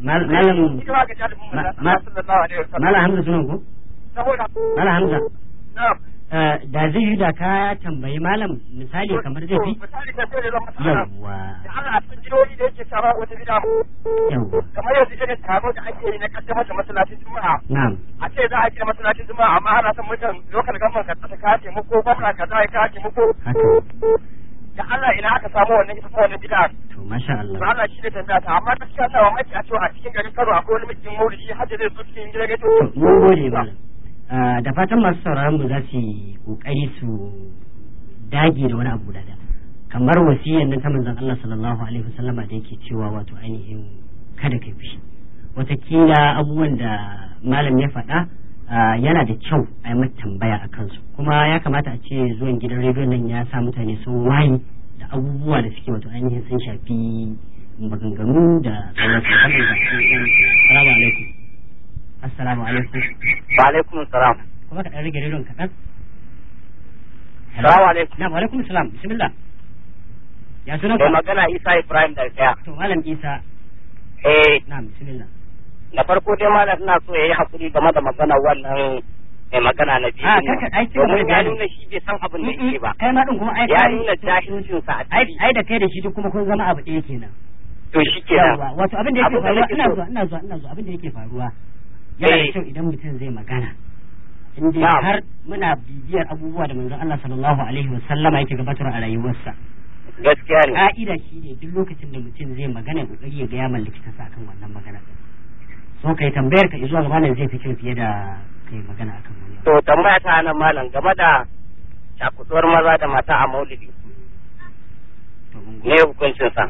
malamin mala hamza sunan ku mala hamza eh, da zai yi da ka tambayi malam misali kamar zai fi yawwa kamar yanzu irin da ake na kaddamar da masallacin juma'a za a masallacin juma'a amma ana son gaban ka ta da Allah ina aka samu wannan ita wannan bid'a to masha Allah to Allah shi ne tanda ta amma da cewa Allah mai a cewa a cikin garin Kano akwai wani mijin mauri shi hajji zai zuci in gida to mun gode ba ah, da fatan masu sauraron mu za su yi kokari su dage da wani abu da da kamar wasiyar nan ta manzon Allah sallallahu alaihi wasallama da yake cewa wato ainihin kada kai fushi watakila abubuwan da malam ya faɗa Ah, yana da kyau a yi mata tambaya a kansu kuma ya kamata a ce zuwan gidan rediyon nan ya sa mutane sun waye da abubuwa da suke wato ainihin sun shafi maganganu da sauransu assalamu alaikum assalamu alaikum wa alaikum salam kuma ka dan rage rediyon kaɗan assalamu alaikum na wa alaikum salam bismillah ya sunan ka magana isa ibrahim da to malam isa eh na bismillah na farko dai malam ina so ya yi hakuri game da magana wannan mai magana na biyu ah, domin ya nuna shi bai san abin da mm, yake mm, ba kai ma din kuma ai ya nuna jahilcin sa ai da kai da shi duk kuma kun zama abu ɗaya kenan to shi kenan wato abin da yake faruwa ina zuwa ina zuwa ina zuwa abin da yake faruwa yana da eh. kyau idan mutum zai magana in dai har muna bibiyar abubuwa da manzon Allah sallallahu alaihi wa sallama yake gabatar a rayuwarsa gaskiya ne ka'ida shi ne duk lokacin da mutum zai magana ya kokari ya ga ya mallaki kansa akan wannan magana so kai tambayar ka zuwa ga malam zai fi kyau fiye da kai magana akan wani to tambaya ta nan malam game da cakusuwar maza da mata a maulidi ne hukuncin sa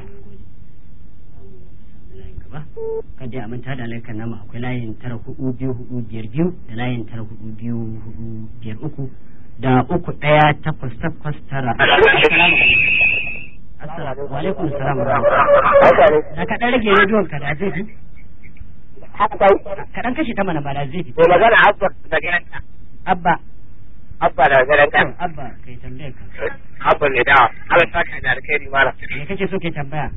kada a manta da laikan nama akwai layin tara hudu biyu hudu biyar biyu da layin tara hudu biyu hudu biyar uku da uku ɗaya takwas takwas tara. Assalamu alaikum salam. Na ka ɗan rage rediyon ka da zai kaɗan kashe ta mana ba da zai ko magana abba da gidanta abba abba da gidanta abba kai tambaya ka abba ne da Allah ta ka da alkhairi malam me kake so ke tambaya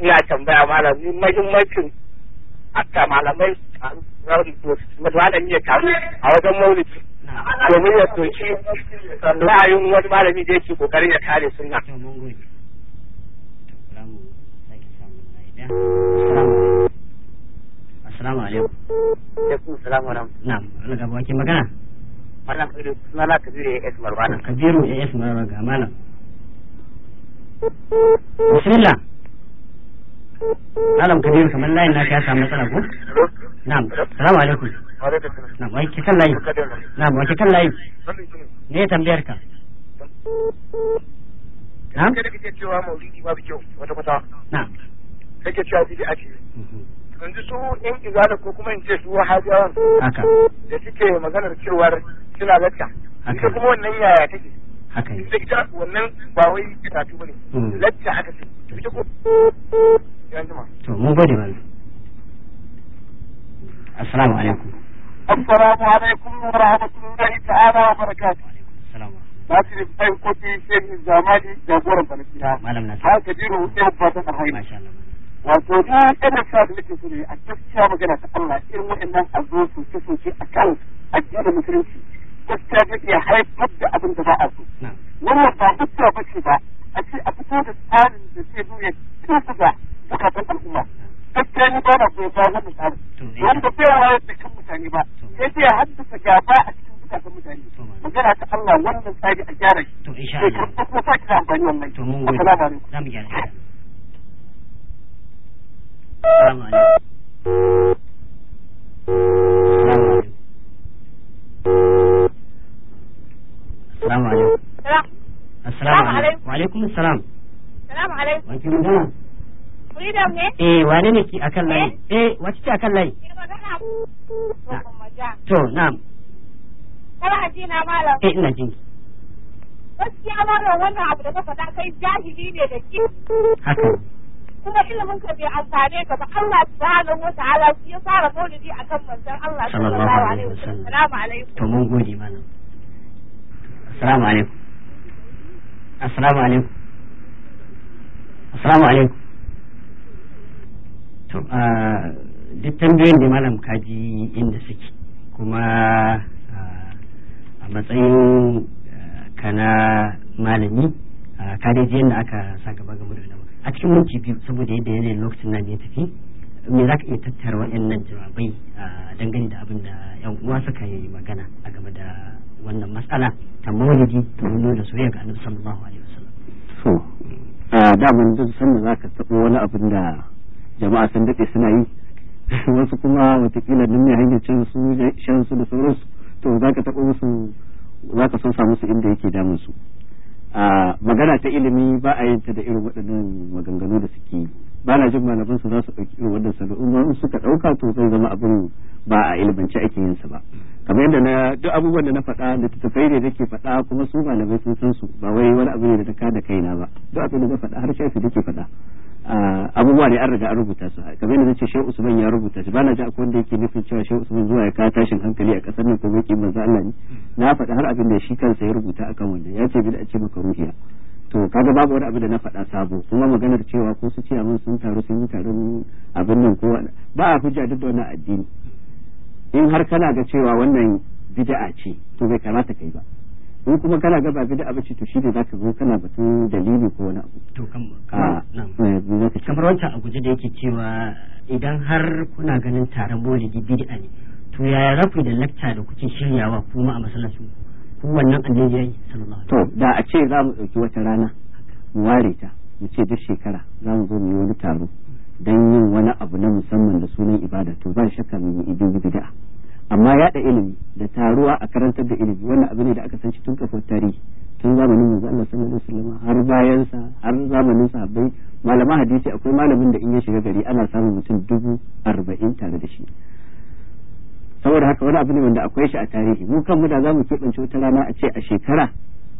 ina tambaya malam ni mahimmancin hatta malamai malami ya taru a wajen maulidi domin ya soki ra'ayin wani malami da yake kokarin ya kare sunna Assalamu alaikum. Assalamu alaikum. Alaikum assalam wa magana. Malam Kabiru, sunana Kabiru ya kamar layin na ya samu matsala ko? Na'am. Assalamu alaikum. Wa Na'am, wai kan layi. Na'am, wai kan layi. Ne tambayar ka? Na'am. Kada ce cewa maulidi babu kyau wata kwata. Na'am. Kake cewa ake. yanzu su yan izala ko kuma in ce su hajawan da suke maganar cewar suna latta ita kuma wannan yaya take ita ita wannan ba wai karatu bane hmm. latta haka ce ita ko yanzu ma to mun gode ba assalamu alaikum assalamu alaikum wa rahmatullahi ta'ala wa barakatuh assalamu Nasir Ibrahim Kofi Shehu Zamani jagoran Palestina. Malam ka jiro jiru ba ta Arhaim. Masha Allah. wato ni ina cewa da nake so ne a gaskiya magana ta Allah irin waɗannan a zo su ce su ce akan addinin musulunci gaskiya zai iya haifar da abin da ba a so wannan ba hujja ba ce ba a ce a fito da tsarin da zai nuna kirkuka bukatun al'umma gaskiya ni ba na so ba wannan tsarin wanda bai wayar da kan mutane ba sai dai haddasa gaba a cikin bukatun mutane magana ta Allah wannan tsari a gyara shi to insha Allah ko kuma sa kira amfani wannan to mun gode assalamu alaikum alaikum eh wane ne ki akan layi eh, eh wace ce akan layi to na'am kana ji na malam eh ina jin gaskiya malam wannan abu da ka faɗa kai jahili ne da ki haka kuma ilimin ka bai amfane ka ba Allah subhanahu wa ta'ala shi ya fara maulidi akan manzon Allah sallallahu alaihi wasallam assalamu alaikum to mun gode mana assalamu alaikum assalamu alaikum assalamu alaikum to ah, duk tambayoyin da malam kaji inda suke kuma ah, a matsayin ah, kana malami ka dai yadda aka sa gaba ga da a cikin minti biyu saboda yadda yanayin lokacin na ya tafi me za ka iya tattara waɗannan jawabai a dangane da abin da yan uwa suka yi magana a game da wannan matsala ta maulidi ta nuna da soyayya ga annabi sallallahu alaihi wasallam so a daman duk sanda za ka taɓa wani abin da jama'a sun daɗe suna yi wasu kuma watakila duk mai hanyar cin su shan su da sauransu to za ka taɓa musu za ka so samu su inda yake damun su a magana ta ilimi ba a yin ta da irin waɗannan maganganu da suke yi ba na jin malaman su za su ɗauki irin waɗannan salo in in suka ɗauka to zai zama abin ba a ilimance ake yin sa ba kamar yadda na duk abubuwan da na faɗa da tattafai ne ke faɗa kuma su malamai sun san su ba wai wani abu ne da ta kada kaina ba duk abin da na faɗa har shafi ke faɗa Ah, abubuwa ne an riga an rubuta su kamar yadda nace Shehu Usman ya rubuta shi bana ji akwai wanda yake nufin cewa Shehu Usman zuwa ya kawo tashin hankali a kasar nan ko maki manzo Allah ne na faɗi har abin da shi kansa ya rubuta kan wanda ya ce bid'a ce maka ruhiya to kaga babu wani abu da na faɗa sabo kuma maganar cewa ko su ce a sun taru sun yi taron abin nan ko ba a hujja duk da wani addini in har kana ga cewa wannan bid'a ce to bai kamata kai ba in kuma kana gaba bi da abinci to shi shine zaka zo kana batun dalili ko wani abu to ah, eh, kamar wancan a guje da yake cewa idan har kuna ganin taron maulidi bid'a ne to yaya za da lakta da kuke shiryawa kuma a masallacin ku wannan annabi yayi sallallahu alaihi to da a ce za mu dauki wata rana mu ware ta mu ce duk shekara za mu zo mu yi wani taro dan yin wani abu na musamman da sunan ibada to ba shakka mu yi bid'a amma yada ilimi da taruwa a karantar da ilimi wannan abu ne da aka san tun kafin tarihi tun zamanin manzo Allah sallallahu alaihi wasallam har bayan sa har zamanin sahabbai malaman hadisi akwai malamin da in ya shiga gari ana samun mutum dubu arba'in tare da shi saboda haka wani abu ne wanda akwai shi a tarihi mu kanmu da zamu keɓance wata rana a ce a shekara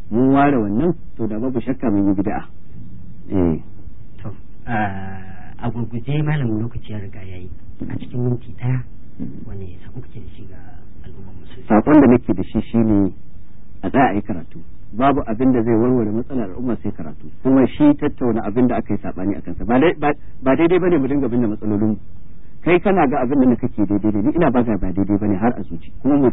mun ware wannan to da babu shakka mun yi bid'a eh to a gurguje malamin lokaci ya riga yayi a cikin minti daya wani sakon da shi musulmi sakon da nake da shi shine a tsaya a yi karatu babu abin da zai warware matsalar al'umma sai karatu kuma shi tattauna abin da aka yi sabani a kansa ba daidai bane mu dinga binne matsalolin kai kana ga abin da kake daidai ne ina ba ga ba daidai bane har a zuci kuma mu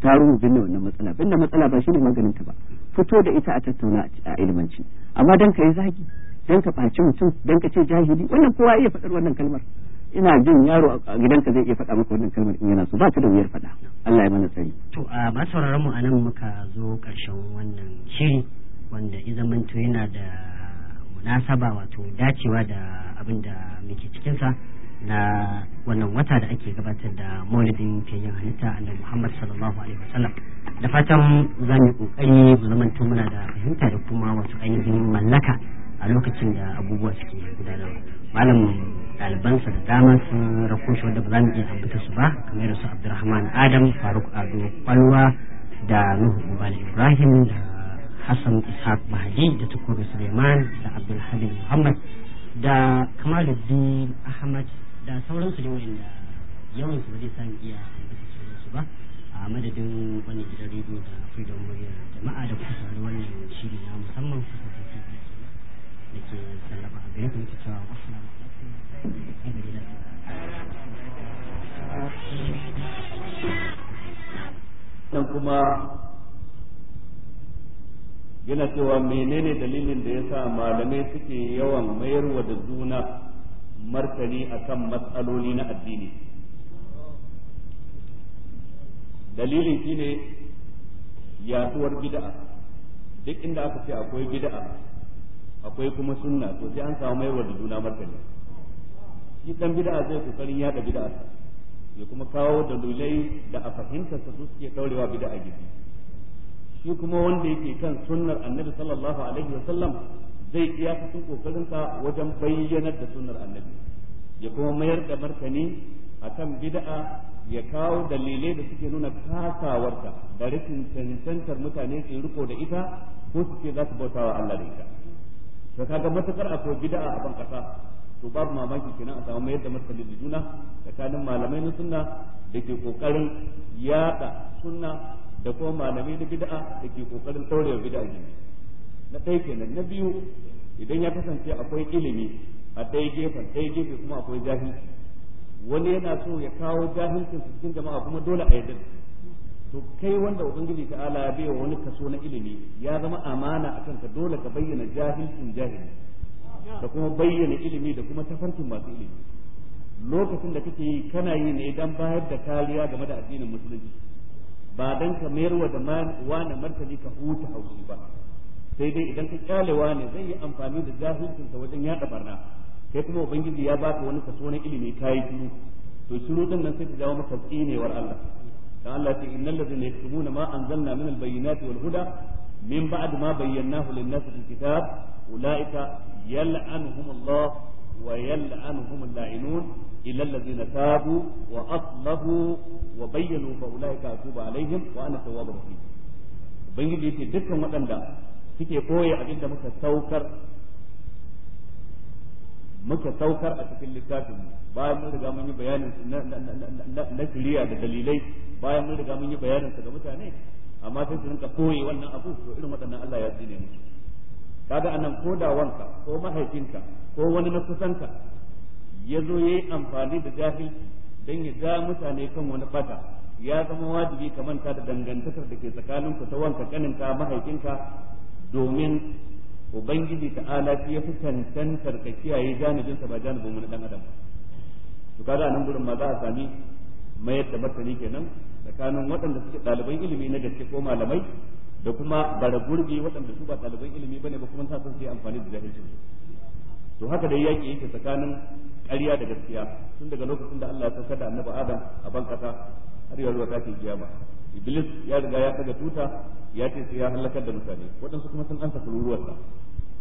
taro mu binne wannan matsala binne matsala ba shine maganin ta ba fito da ita a tattauna a ilimanci amma dan ka yi zagi dan ka ɓaci mutum dan ka ce jahili wannan kowa iya faɗar wannan kalmar ina jin yaro a gidanka zai iya faɗa maka wannan kalmar in yana so ba ta da wuyar faɗa Allah ya mana sani to a ba sauraron mu anan muka zo karshen wannan shiri wanda to yana da munasaba wato dacewa da abinda da muke cikin sa na wannan wata da ake gabatar da maulidin fiyayyen halitta annabi Muhammad sallallahu alaihi wasallam da fatan za mu kokari mu zamanto muna da fahimta da kuma wasu ainihin mallaka a lokacin da abubuwa suke gudanarwa malam ɗalibansa da dama sun rako shi wanda ba za mu iya ambata su ba kamar su abdurrahman adam faruk ado kwalwa da nuhu ubal ibrahim da hassan ishaq mahadi da tukuru suleiman da abdulhamid muhammad da kamaluddin ahmad da sauransu da wa'anda yawan su ba zai sami iya ambata su ba a madadin wani gidan rediyo da cewa menene dalilin da ya sa malamai suke yawan mayarwa da juna martani akan matsaloli na addini dalilin shine yaduwar bid'a duk inda aka ce akwai bid'a akwai kuma sunna to sai an samu mayarwa da juna martani shi dan bid'a zai kokarin yada bid'a ya kuma kawo dalilai da a fahimtar su suke daurewa bid'a gidi shi kuma wanda yake kan sunnar annabi sallallahu alaihi wa sallam zai iya cikin sa wajen bayyanar da sunnar annabi ya kuma mayar da martani akan bid'a ya kawo dalilai da suke nuna kasawarta da rikin cancantar mutane su riko da ita ko suke ce za su bauta Allah da ita to kaga matakar akwai bid'a a ban kasa to babu mamaki kenan a samu mayar da martani da juna tsakanin malamai na sunna da ke kokarin yada sunna da kuma malamai na bid'a da ke kokarin ɗaurewa bid'a ne na ɗaya kenan na biyu idan ya kasance akwai ilimi a ɗaya gefen ɗaya gefe kuma akwai jahilci wani yana so ya kawo jahilcin su cikin jama'a kuma dole a yadda to kai wanda ubangiji ta ala ya bai wani kaso na ilimi ya zama amana a ka dole ka bayyana jahilcin jahili da kuma bayyana ilimi da kuma tafarkin masu ilimi lokacin da kake yi kana yi ne dan bayar da kariya game da addinin musulunci ba dan ka mayar wa da wani martani ka huta haushi ba sai dai idan ka kyale wani zai yi amfani da ta wajen yaɗa barna kai kuma ubangiji ya baka wani kaso na ilimi kayi shiru to shiru din nan sai ta jawo maka tsinewar Allah dan Allah ce innal ladzina yaktubuna ma anzalna min albayyinati wal huda min ba'd ma bayyanahu lin nas fil kitab ulaika yal'anuhum Allah wa yal'anuhum lainun إلا الذين تابوا وأصلحوا وبينوا فأولئك أتوب عليهم وأنا التواب الرحيم ubangiji yake dukkan waɗanda suke koye abin da muka saukar muka saukar a cikin littafin bayan mun riga mun yi bayanin na siriya da dalilai bayan mun riga mun yi bayanin ga mutane amma sai su rinka wannan abu to irin waɗannan Allah ya tsine musu kaga anan ko da wanka ko mahaifinka ko wani na kusanka ya zo ya yi amfani da jahilci don ya ga mutane kan wani fata ya zama wajibi ka manta da dangantakar da ke tsakanin ku ta wanka kaninka mahaifinka domin ubangiji ta ala shi ya fi cancantar ka kiyaye janibinsa ba janibin wani dan adam to kaga nan gurin ma za a sami mayar da martani kenan tsakanin waɗanda suke ɗaliban ilimi na gaske ko malamai da kuma bara gurbi waɗanda su ba ɗaliban ilimi bane ba kuma sa sun yi amfani da jahilcin to haka dai yaki yake tsakanin ƙarya da gaskiya tun daga lokacin da Allah ya saukar da annabi Adam a ban kasa har yanzu ta ke kiyama Iblis ya riga ya saka tuta ya ce sai ya halakar da mutane waɗansu kuma sun ansa kururuwarsa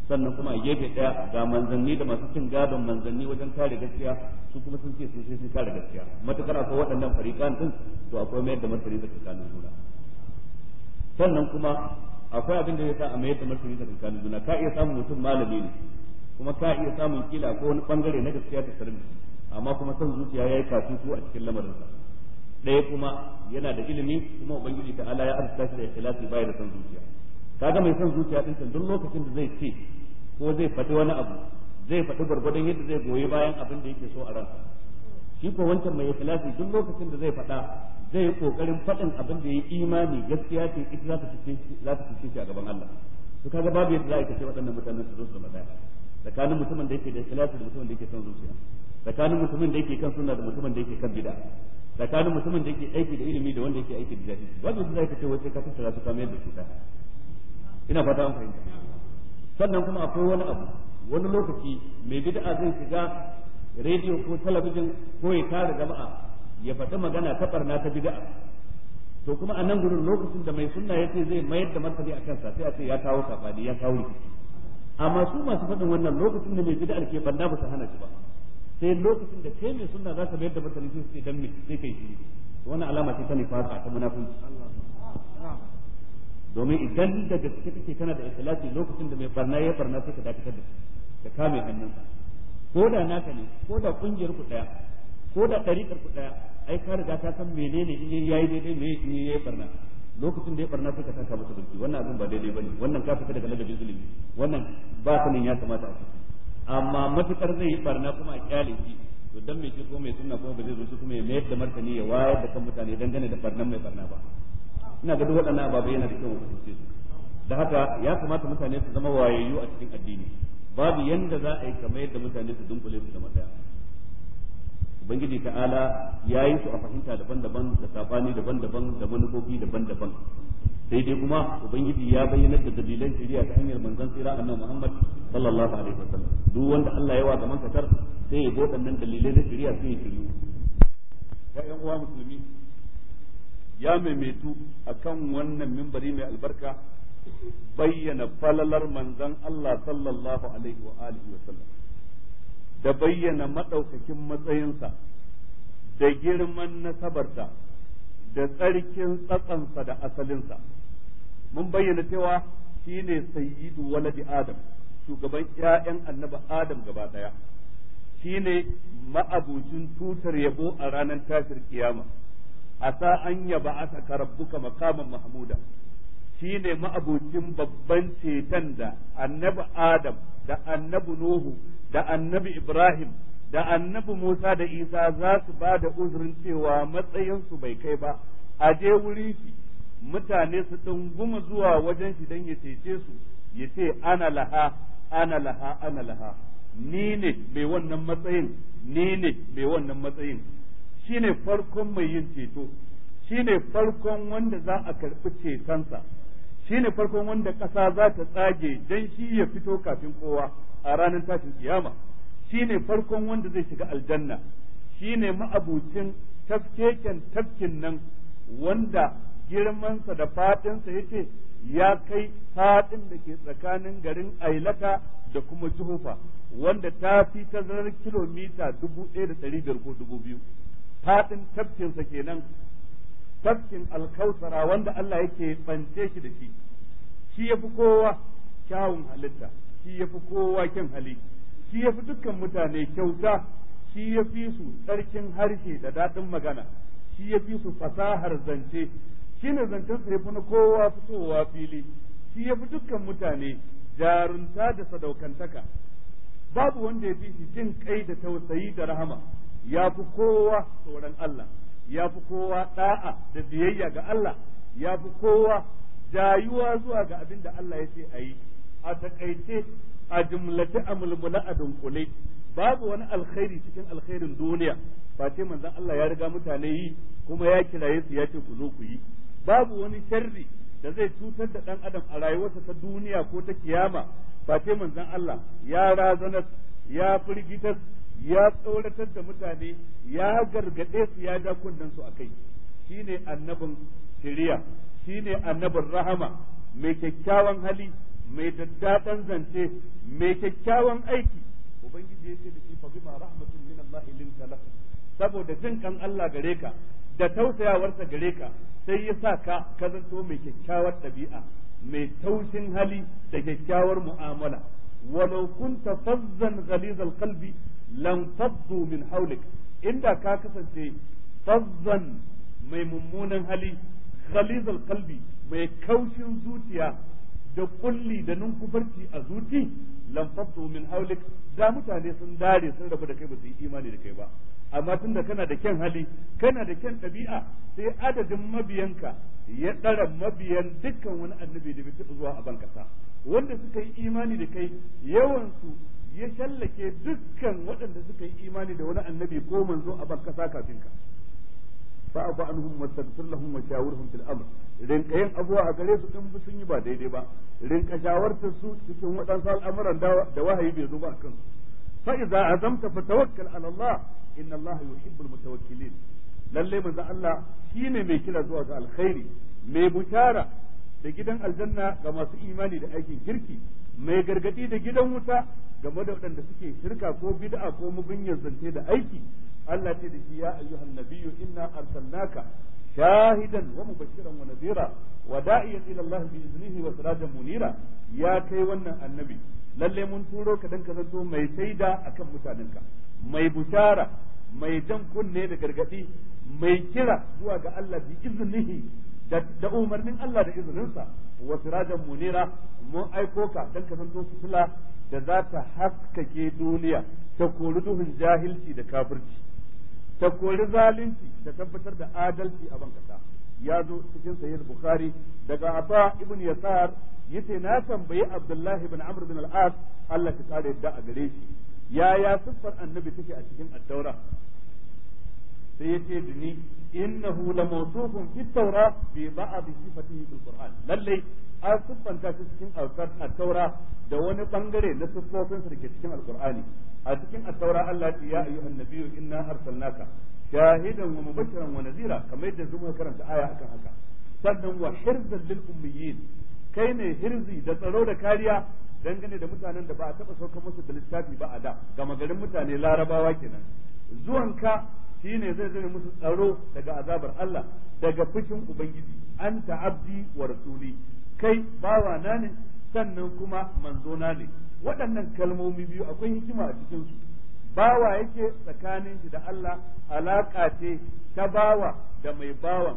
sannan kuma a gefe ɗaya ga manzanni da masu cin gadon manzanni wajen kare gaskiya su kuma sun ce sun sai sun kare gaskiya matukar akwai waɗannan fariƙan din to akwai mayar da martani da tsakanin juna sannan kuma akwai abin da ya sa a mayar da martani da tsakanin juna ka iya samun mutum malami ne kuma ka iya samun kila ko wani bangare na gaskiya ta sarri amma kuma son zuciya ya yi katutu a cikin lamarin sa ɗaya kuma yana da ilimi kuma ubangiji ta ala ya arzuta shi da ikhlasi bai da son zuciya kaga mai son zuciya din duk lokacin da zai ce ko zai faɗi wani abu zai faɗi gwargwadon yadda zai goyi bayan abin da yake so a ransa shi ko wancan mai ikhlasi duk lokacin da zai faɗa zai yi kokarin faɗin abin da ya yi imani gaskiya ce ita za ta fice shi a gaban Allah to kaga babu yadda za a kace waɗannan mutanen su zo su magana tsakanin mutumin da yake da ikhlasi da mutumin da yake son zuciya tsakanin mutumin da yake kan sunna da mutumin da yake kan bid'a tsakanin mutumin da yake aiki da ilimi da wanda yake aiki da jahili wanda su zai ce wace ka tattara su kamar yadda su ta ina fata an fahimta sannan kuma akwai wani abu wani lokaci mai bid'a zai shiga rediyo ko talabijin ko ya tara jama'a ya faɗi magana ta barna ta bid'a to kuma a nan gurin lokacin da mai sunna yace zai mayar da martani akan sa sai a ce ya kawo sabani ya kawo rikici amma su masu faɗin wannan lokacin da mai bid'a ke banda ba su hana shi ba sai lokacin da kai mai sunna za ka bayar da martani sai sai dan me sai kai shi wannan alama ce ta nifaka ta munafiki domin idan da gaske kake kana da ikhlasi lokacin da mai barna ya barna sai ka dakatar da ka kame sa ko da naka ne ko da kungiyar ku daya ko da ɗariƙar ku daya ai ka riga ka san menene in yayi daidai me yayi barna lokacin da ya barna sai ka taka masa dukki wannan abin ba daidai bane wannan ka fita daga ladabin ilimi wannan ba sanin ya kamata a ciki amma matukar zai yi barna kuma a kyale shi to dan mai ko mai sunna kuma ba zai zo kuma ya mayar da martani ya wayar da kan mutane dangane da barnan mai barna ba ina ga duk waɗannan ababai yana da kyau mu fahimce su da haka ya kamata mutane su zama wayayyu a cikin addini babu yanda za a yi kamar yadda mutane su dunkule su da matsaya ubangiji ta'ala yi su a fahimta daban-daban da sabani daban-daban da manufofi daban-daban sai dai kuma ubangiji ya bayyana da dalilan shari'a ta hanyar manzon tsira annabi Muhammad sallallahu alaihi wasallam duk wanda Allah ya wa gaman kasar sai ya bodan nan dalilai na shari'a sai ya shiryu ya yan uwa musulmi ya maimaitu akan wannan mimbari mai albarka bayyana falalar manzon Allah sallallahu alaihi wa alihi wasallam da bayyana maɗaukakin matsayinsa da girman nasabarta da tsarkin tsatsansa da asalinsa mun bayyana cewa shi ne sayyidu waladi adam shugaban 'ya'yan Annabi adam gaba ɗaya shi ne ma'abucin tutar yabo a ranar tashir kiyama asa an yaba aka karabbuka makaman mahmuda shine ma'abocin babban ceton da annabi adam da annabi nuhu da annabi ibrahim da annabi musa da isa za su ba da uzurin cewa matsayinsu bai kai ba a je wuri shi mutane su ɗunguma zuwa wajen shi don ya cece su ya ce ana laha ana laha ana laha ni ne mai wannan matsayin ni ne mai wannan matsayin shine farkon mai yin ceto shine farkon wanda za a karɓi cetonsa shine farkon wanda ƙasa za ta tsage don shi ya fito kafin kowa a ranar tashin kiyama shine farkon wanda zai shiga aljanna shine ma'abucin tafkeken tafkin nan wanda girmansa da faɗinsa ce ya kai faɗin da ke tsakanin garin ailata da kuma juhufa wanda ta fi tazarar kilomita dubu ko dubu biyu faɗin tafkinsa kenan tafkin alkausara wanda Allah yake bance shi da shi shi ya fi kowa kyawun halitta shi ya fi kowa kyan hali shi ya fi dukkan mutane kyauta shi ya fi su tsarkin harshe da daɗin magana shi ya fi su fasahar zance shi ne zancen sa yafi na kowa fitowa fili shi ya fi dukkan mutane jarunta da sadaukantaka babu wanda ya fi shi jin kai da tausayi da rahama ya fi kowa tsoron Allah ya fi kowa da'a da biyayya ga Allah ya fi kowa jayuwa zuwa ga abin da Allah ya ce a yi a takaice a jimlace a mulmula a dunkule babu wani alkhairi cikin alkhairin duniya ba ce manzan Allah ya riga mutane yi kuma ya kiraye su ya ce ku zo ku yi babu wani sharri da zai cutar da ɗan adam a rayuwarsa ta duniya ko ta kiyama ba ce manzan Allah ya razanar ya firgitar ya tsoratar da mutane ya gargade su ya ja kunnen su akai shine annabin shi shine annabin rahama mai kyakkyawan hali mai daddaɗan zance mai kyakkyawan aiki ubangiji ya ce da shi fa bima rahmatin min Allah linta talaq saboda jin kan Allah gare ka da tausayawarsa gare ka sai ya sa ka kazanto mai kyakkyawar ɗabi'a mai taushin hali da kyakkyawar mu'amala walau kunta fazzan ghalizal qalbi lan faddu min haulik inda ka kasance fazzan mai mummunan hali khalizul qalbi mai kaushin zuciya da kulli da ninkufarci a zuci lan faddu min haulik da mutane sun dare sun rabu da kai ba su yi imani da kai ba amma tunda kana da kyan hali kana da kyan ɗabi'a sai adadin mabiyanka ya ɗara mabiyan dukkan wani annabi da bai taɓa zuwa a bankasa wanda suka yi imani da kai yawansu ya shallake dukkan waɗanda suka yi imani da wani annabi ko manzo a ban kasa kafin ka fa abu anhum wastaghfir lahum wa shawirhum fil amr rinka yin abuwa a gare su din sun yi ba daidai ba rinka shawartar su cikin waɗansu al'amuran da wahayi bai zo ba kan fa idza azamta fatawakkal ala Allah inna Allah yuhibbul mutawakkilin lalle manzo Allah shine mai kira zuwa ga alkhairi mai bushara da gidan aljanna ga masu imani da aikin kirki mai gargadi da gidan wuta game da waɗanda suke shirka ko bid'a ko mugunyar zance da aiki Allah ce da shi ya ayyuhan nabiyyu inna arsalnaka shahidan wa mubashiran wa nadira wa da'iyan ila Allah bi iznihi wa sirajan munira ya kai wannan annabi lalle mun turo ka dan ka zanto mai saida akan mutanenka mai bushara mai jan kunne da gargadi mai kira zuwa ga Allah bi iznihi da umarnin Allah da izininsa wa sirajan munira mun aiko ka dan ka zanto fitila da za ta haskake duniya ta kori duhun jahilci da kafirci ta kori zalunci ta tabbatar da adalci a bankasa ya zo cikin sayyid bukhari daga abba ibn yasar yace na tambayi abdullahi ibn amr bin al-as Allah ka kare yadda a gare shi ya ya siffar annabi take a cikin addaura sai ce da ni innahu la mawsufun fi tawra bi ba'd sifatihi fil qur'an lallai an siffanta shi cikin at-taura da wani bangare na siffofin sa dake cikin alqur'ani a cikin at-taura Allah ya ayyuhan nabiyyu inna arsalnaka shahidan wa mubashiran wa nadhira kamar yadda zuma karanta aya akan haka sannan wa hirzan lil ummiyin kai ne hirzi da tsaro da kariya dangane da mutanen da ba a taba saukar musu da littafi ba a da gama garin mutane larabawa kenan zuwanka shine zai zai musu tsaro daga azabar Allah daga fushin ubangiji an ta'abdi wa rasuli kai bawa na ne sannan kuma manzo na ne waɗannan kalmomi biyu akwai hikima a cikin su bawa yake tsakanin shi da Allah alaka ce ta bawa da mai bawan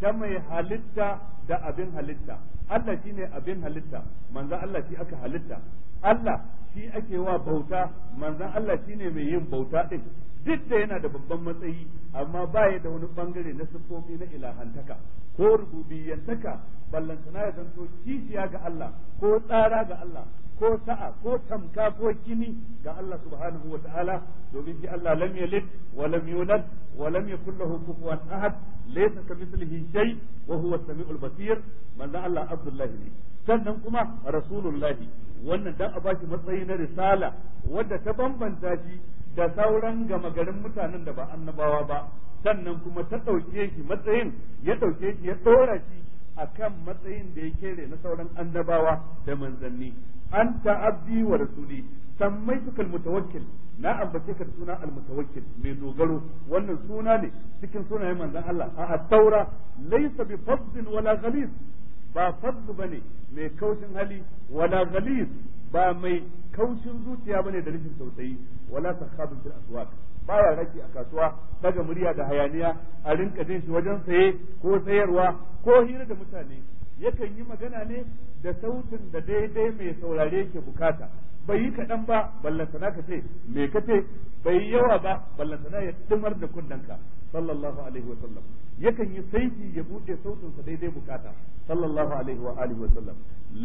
ta mai halitta da abin halitta Allah shine abin halitta manza Allah shi aka halitta Allah shi ake wa bauta manza Allah shine mai yin bauta din duk da yana da babban matsayi amma baya da wani bangare na siffofi na ilahantaka ko rububiyyantaka ballantana ya zanto kishiya ga Allah ko tsara ga Allah ko sa'a ko tamka ko kini ga Allah subhanahu wa ta'ala domin shi Allah lam yalid wa lam yulad wa lam yakul lahu kufuwan ahad laysa kamithlihi shay wa huwa as-sami'ul basir manzo Allah Abdullah ne sannan kuma rasulullahi wannan dan a bashi matsayi na risala wadda ta bambanta shi da sauran gama garin mutanen da ba annabawa ba sannan kuma ta ɗauke shi matsayin ya ɗauke shi ya ɗora shi kan matsayin da ya kere na sauran annabawa da manzanni an ta'abdi wa rasuli sammai suka mutawakkil na ambace ka suna almutawakkil mai dogaro wannan suna ne cikin sunayen manzan Allah a taura laysa bi fadl wala ghalis ba faddu bane mai kaushin hali wala ghalis ba mai kaushin zuciya bane da rashin tausayi wala sakhabin fil aswaq ya raki a kasuwa daga murya da hayaniya a rinka jin shi wajen saye ko sayarwa ko hira da mutane yakan yi magana ne da sautin da daidai mai saurare yake bukata bai yi kaɗan ba ballantana ka ce me ka ce bai yi yawa ba ballantana ya timar da kundanka sallallahu alaihi wa sallam yakan yi saiti ya bude sautin sa daidai bukata sallallahu alaihi wa alihi wa sallam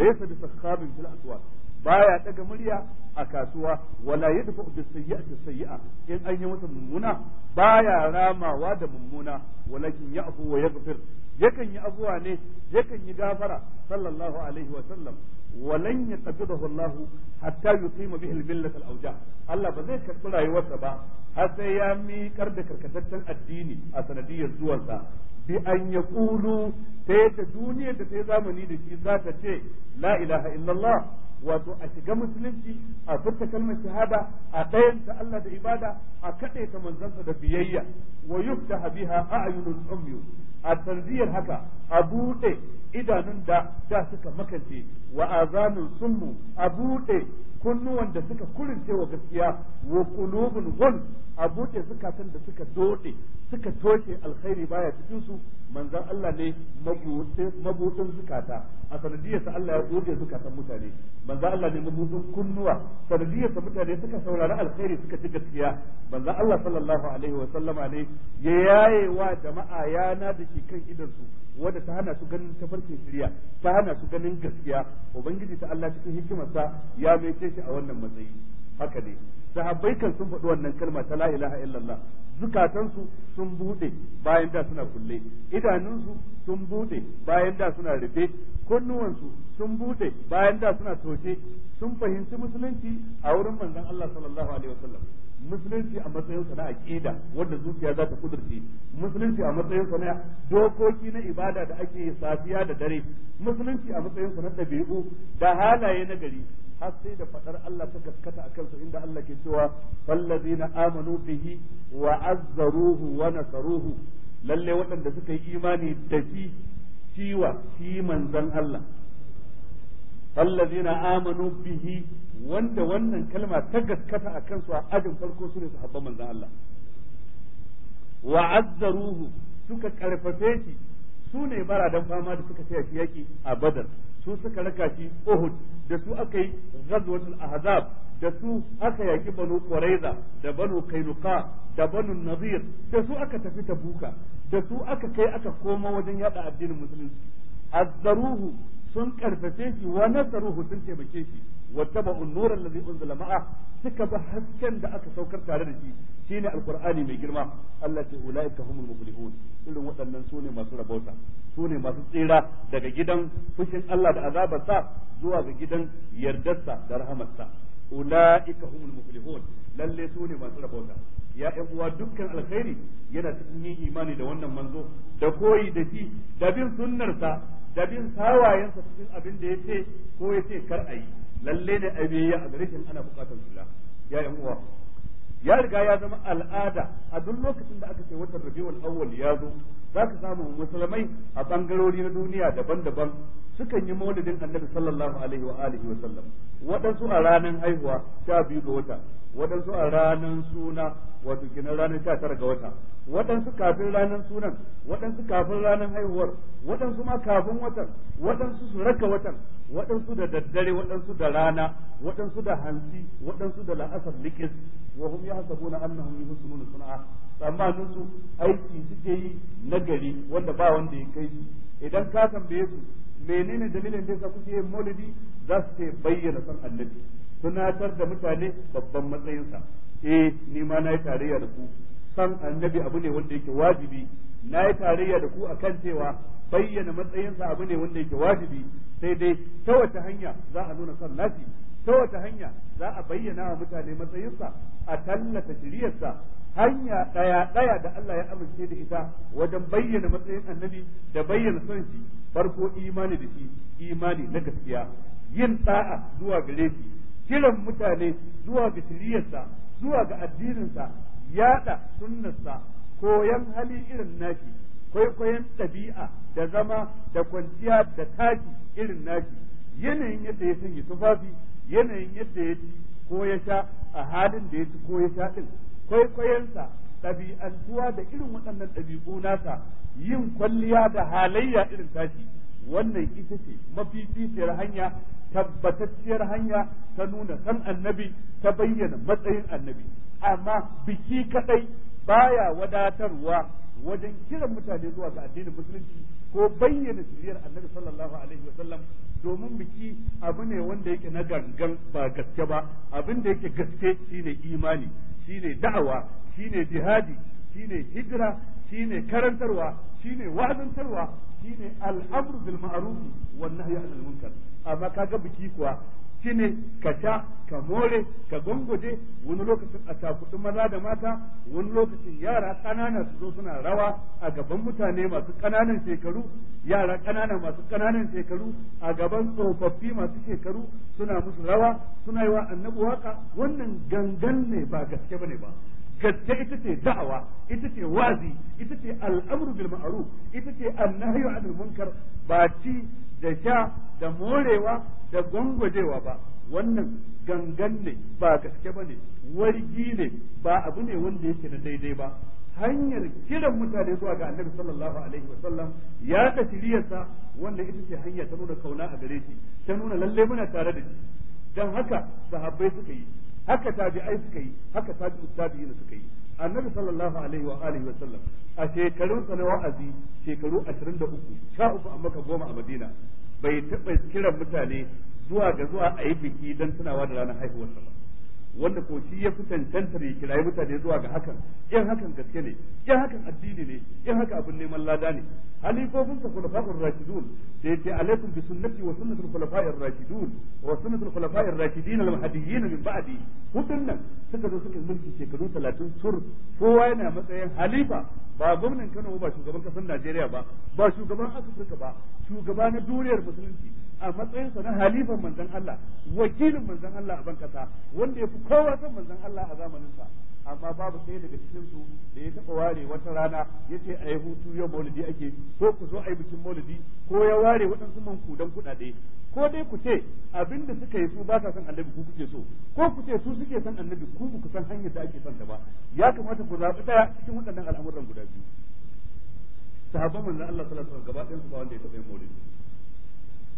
laysa bi sakhabin fil aswaq baya daga murya a kasuwa wala yadfa bi sayyi'ati sayyi'a in an yi masa mummuna baya ramawa da mummuna walakin ya'fu wa yaghfir yakan yi abuwa ne yakan yi gafara sallallahu alaihi wa sallam walan yaqbidahu Allah hatta yuqima bihi al-millat al-awja Allah ba zai karbi rayuwarsa ba har sai ya miƙar da karkataccen addini a sanadiyar zuwansa bi an kulu ta yadda duniyar da ta yi zamani da shi za ta ce la ilaha illallah wato a shiga musulunci a furta kalmar shahada a ɗayan ta Allah da ibada a kaɗe ta manzansa da biyayya wa yuftaha biha a'yunul ummi a tanziyar haka a buɗe idanun da da suka makance wa azanun summu a buɗe kunnuwan da suka kurince wa gaskiya wa qulubun ghul a buɗe zukatan da suka dode suka toshe alkhairi baya cikin su manzon Allah ne mabudin zukata a sanadiyarsa Allah ya buɗe zukatan mutane manzon Allah ne mabudin kunnuwa sanadiyarsa mutane suka saurari alkhairi suka ci gaskiya manzon Allah sallallahu alaihi wa sallama ne ya yaye wa jama'a yana da shi kan idan su wanda ta hana su ganin tafarkin shirya ta hana su ganin gaskiya ubangiji ta Allah cikin hikimarsa ya mai shi a wannan matsayi haka ne sahabbai kan sun faɗi wannan kalma ta la ilaha illallah zukatansu sun bude bayan da suna kulle idanunsu sun bude bayan da suna rufe kunnuwansu sun bude bayan da suna toshe sun fahimci musulunci a wurin manzon Allah sallallahu alaihi wasallam musulunci a matsayin sa na aqida wanda zuciya za ta kudurce musulunci a sa na dokoki na ibada da ake safiya da dare musulunci a matsayin sa na dabi'u da halaye na gari har sai da fadar Allah ta gaskata akan su inda Allah ke cewa wallazina amanu bihi wa azzaruhu wa nasaruhu lalle waɗanda suka yi imani da shi ciwa shi manzon Allah wallazina amanu bihi wanda wannan kalma ta gaskata akan su a ajin farko su sune sahabban manzon Allah wa azzaruhu suka karfafe shi su ne bara dan fama da suka shi yaki a badar su suka raka shi Uhud da su aka yi ghazwatul ahzab da su aka yaki banu Qurayza da banu kainuka da banu nazir da su aka tafi tabuka da su aka kai aka koma wajen yada addinin musulunci azzaruhu sun karfafe shi wa nasaruhu sun taimake shi wattaba'u unnura nura alladhi unzila ma'a suka bi hasken da aka saukar tare da shi shine alqur'ani mai girma Allah ce ulaika humul muflihun irin waɗannan sune masu rabauta sune masu tsira daga gidan fushin Allah da azabarsa zuwa ga gidan yardarsa da rahamarsa ulaika humul muflihun lalle sune masu rabauta ya ƴan uwa dukkan alkhairi yana cikin yin imani da wannan manzo da koyi da shi da bin sunnarsa da bin sawayensa cikin abin da ya ce ko ya ce kar a yi lalle ne a biyayya a gare shi ana bukatar juna ya yan uwa ya riga ya zama al'ada a duk lokacin da aka ce wata rabiul awwal ya zo za ka samu musulmai a bangarori na duniya daban-daban sukan yi maulidin annabi sallallahu alaihi wa alihi wa sallam waɗansu a ranar haihuwa sha biyu ga wata waɗansu a ranar suna wato kinan ranar sha tara ga wata waɗansu kafin ranar sunan waɗansu kafin ranar haihuwar waɗansu ma kafin watan waɗansu su raka watan waɗansu da daddare waɗansu da rana waɗansu da hansi waɗansu da la'asar likis wa hum yahsabuna annahum yuhsinuna sun'a tsammanin su aiki suke yi na gari wanda ba wanda ya kai su idan ka tambaye su menene dalilin da yasa kuke yin maulidi za su ce bayyana san annabi tunatar da mutane babban matsayinsa eh ni ma na yi tarayya da ku san annabi abu ne wanda yake wajibi nayi tarayya da ku akan cewa bayyana matsayinsa abu ne wanda yake wajibi sai dai ta wata hanya za a nuna son nasi ta wata hanya za a bayyana wa mutane matsayinsa a tallata shiriyarsa hanya ɗaya ɗaya da Allah ya amince da ita wajen bayyana matsayin annabi da bayyana son shi farko imani da shi imani na gaskiya yin da'a zuwa gare shi kiran mutane zuwa ga shiriyarsa zuwa ga addininsa yada sunnarsa koyan hali irin naki kwaikwayon ɗabi'a da zama da kwanciya da taki irin naki yanayin yadda ya sanya tufafi yanayin yadda ya ci ko ya sha a halin da ya ci ko ya sha din kwaikwayonsa ɗabi'antuwa da irin waɗannan ɗabi'u nasa yin kwalliya da halayya irin tashi wannan ita ce mafificiyar hanya tabbatacciyar hanya ta nuna san annabi ta bayyana matsayin annabi amma biki kadai baya wadatarwa wajen kiran mutane zuwa ga addinin musulunci ko bayyana sirriyar annabi sallallahu alaihi sallam domin biki abu ne wanda yake na gangan ba gaske ba abin da yake gaske shine imani shine da'awa shine jihadi shine hijira shine karantarwa shine wazantarwa shine al'amru bil ma'ruf wan nahyi anil munkar amma kaga biki kuwa shine ka sha ka more ka gongoje wani lokacin a takuɗi maza da mata wani lokacin yara ƙanana su zo suna rawa a gaban mutane masu ƙananan shekaru yara ƙanana masu ƙananan shekaru a gaban tsofaffi masu shekaru suna musu rawa suna yi wa annabi waka wannan gangan ne ba gaske bane ba gaske ita ce da'awa ita ce wazi ita ce al'amru bil ma'ruf ita ce annahyu anil munkar ba ci da sha da morewa da gwangwajewa ba wannan gangan ne ba gaske bane ne wargi ne ba abu ne wanda yake na daidai ba hanyar kiran mutane zuwa ga annabi sallallahu alaihi wa sallam ya ta shiriyarsa wanda ita ce hanya ta nuna kauna a gare shi ta nuna lalle muna tare da shi dan haka sahabbai suka yi haka tabi'ai suka yi haka tabi'u tabi'ina suka yi annabi sallallahu alaihi wa alihi wa sallam a shekarun sa na wa'azi shekaru 23 sha uku a maka goma a Madina bai taɓa kiran mutane zuwa ga zuwa a yi biki dan tunawa da ranar haihuwar haihuwarsa ba wanda ko shi ya fi cancantar ya kirayi mutane zuwa ga hakan in hakan gaske ne in hakan addini ne in haka abin neman lada ne halifofin sa khulafa'ur rashidun da yace alaikum bi sunnati wa sunnatul khulafa'ir rashidun wa sunnatul khulafa'ir rashidin al mahdiyyin min ba'di hudun nan suka zo suka mulki shekaru talatin sur kowa yana matsayin halifa ba gwamnan Kano ba shugaban kasar Najeriya ba ba shugaban Afirka ba shugaba na duniyar musulunci a matsayinsa na halifan manzon Allah wakilin manzon Allah a bankasa wanda ya fi kowa son manzon Allah a zamaninsa amma babu sai daga cikin su da ya taba ware wata rana ya yace ai hutu yau maulidi ake ko ku zo a yi bikin maulidi ko ya ware waɗansu kudan kuɗaɗe ko dai ku ce abinda suka yi su ba sa son annabi ku kuke so ko ku ce su suke son annabi ku ku san hanyar da ake son ta ba ya kamata ku zaɓi ɗaya cikin waɗannan al'amuran guda biyu sahabban manzon Allah sallallahu alaihi wasallam gaba ɗayan su ba wanda ya taɓa yin maulidi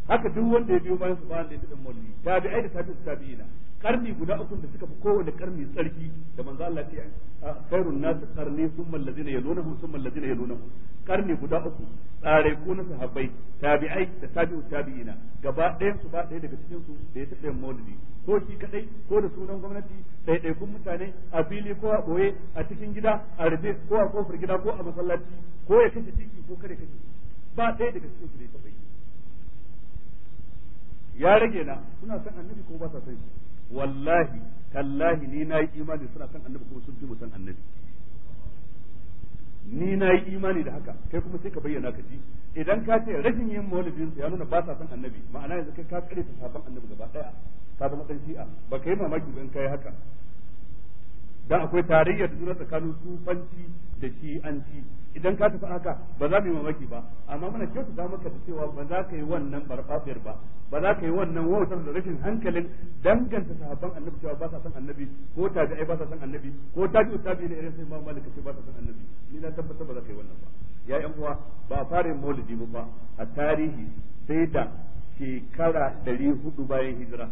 haka duk wanda ya biyo bayan su bayan da ya tudin ta tabi'ai da tabi'u tabi'ina karni guda uku da suka fi kowane karni tsarki da manzo Allah ya khairun nas qarni thumma alladhina yalunuhu thumma alladhina yalunuhu karni guda uku tsare ko na sahabbai tabi'ai da tabi'u tabi'ina gaba ɗayan su ba ɗaya daga cikin su da ya tafi maulidi ko shi kadai ko da sunan gwamnati sai kun mutane a fili ko a ɓoye a cikin gida a rufe ko a kofar gida ko a masallaci ko ya kace ciki ko kare kace ba ɗaya daga cikin su da ya ya rage na suna san annabi ko ba sa san shi wallahi tallahi ni nayi imani suna san annabi kuma sun fi mu san annabi ni nayi imani da haka kai kuma sai ka bayyana ka ji idan ka ce rashin yin maulidin ya nuna ba sa san annabi ma'ana yanzu kai ka kare ta sabon annabi gaba daya ka zama dan shi'a ba kai mamaki ba in kai haka dan akwai tarayya da juna tsakanin sufanci da shi'anci idan ka tafi haka ba za mu yi mamaki ba amma muna kyautata maka da cewa ba za ka yi wannan barfafiyar ba ba za ka yi wannan wautar da rashin hankalin danganta sahabban annabi cewa ba sa san annabi ko ai ba sa san annabi ko ji tabi'i ne irin sai ma malika ce ba sa san annabi ni na tabbata ba za ka yi wannan ba ya yan uwa ba fara maulidi ba a tarihi sai da shekara 400 bayan hijira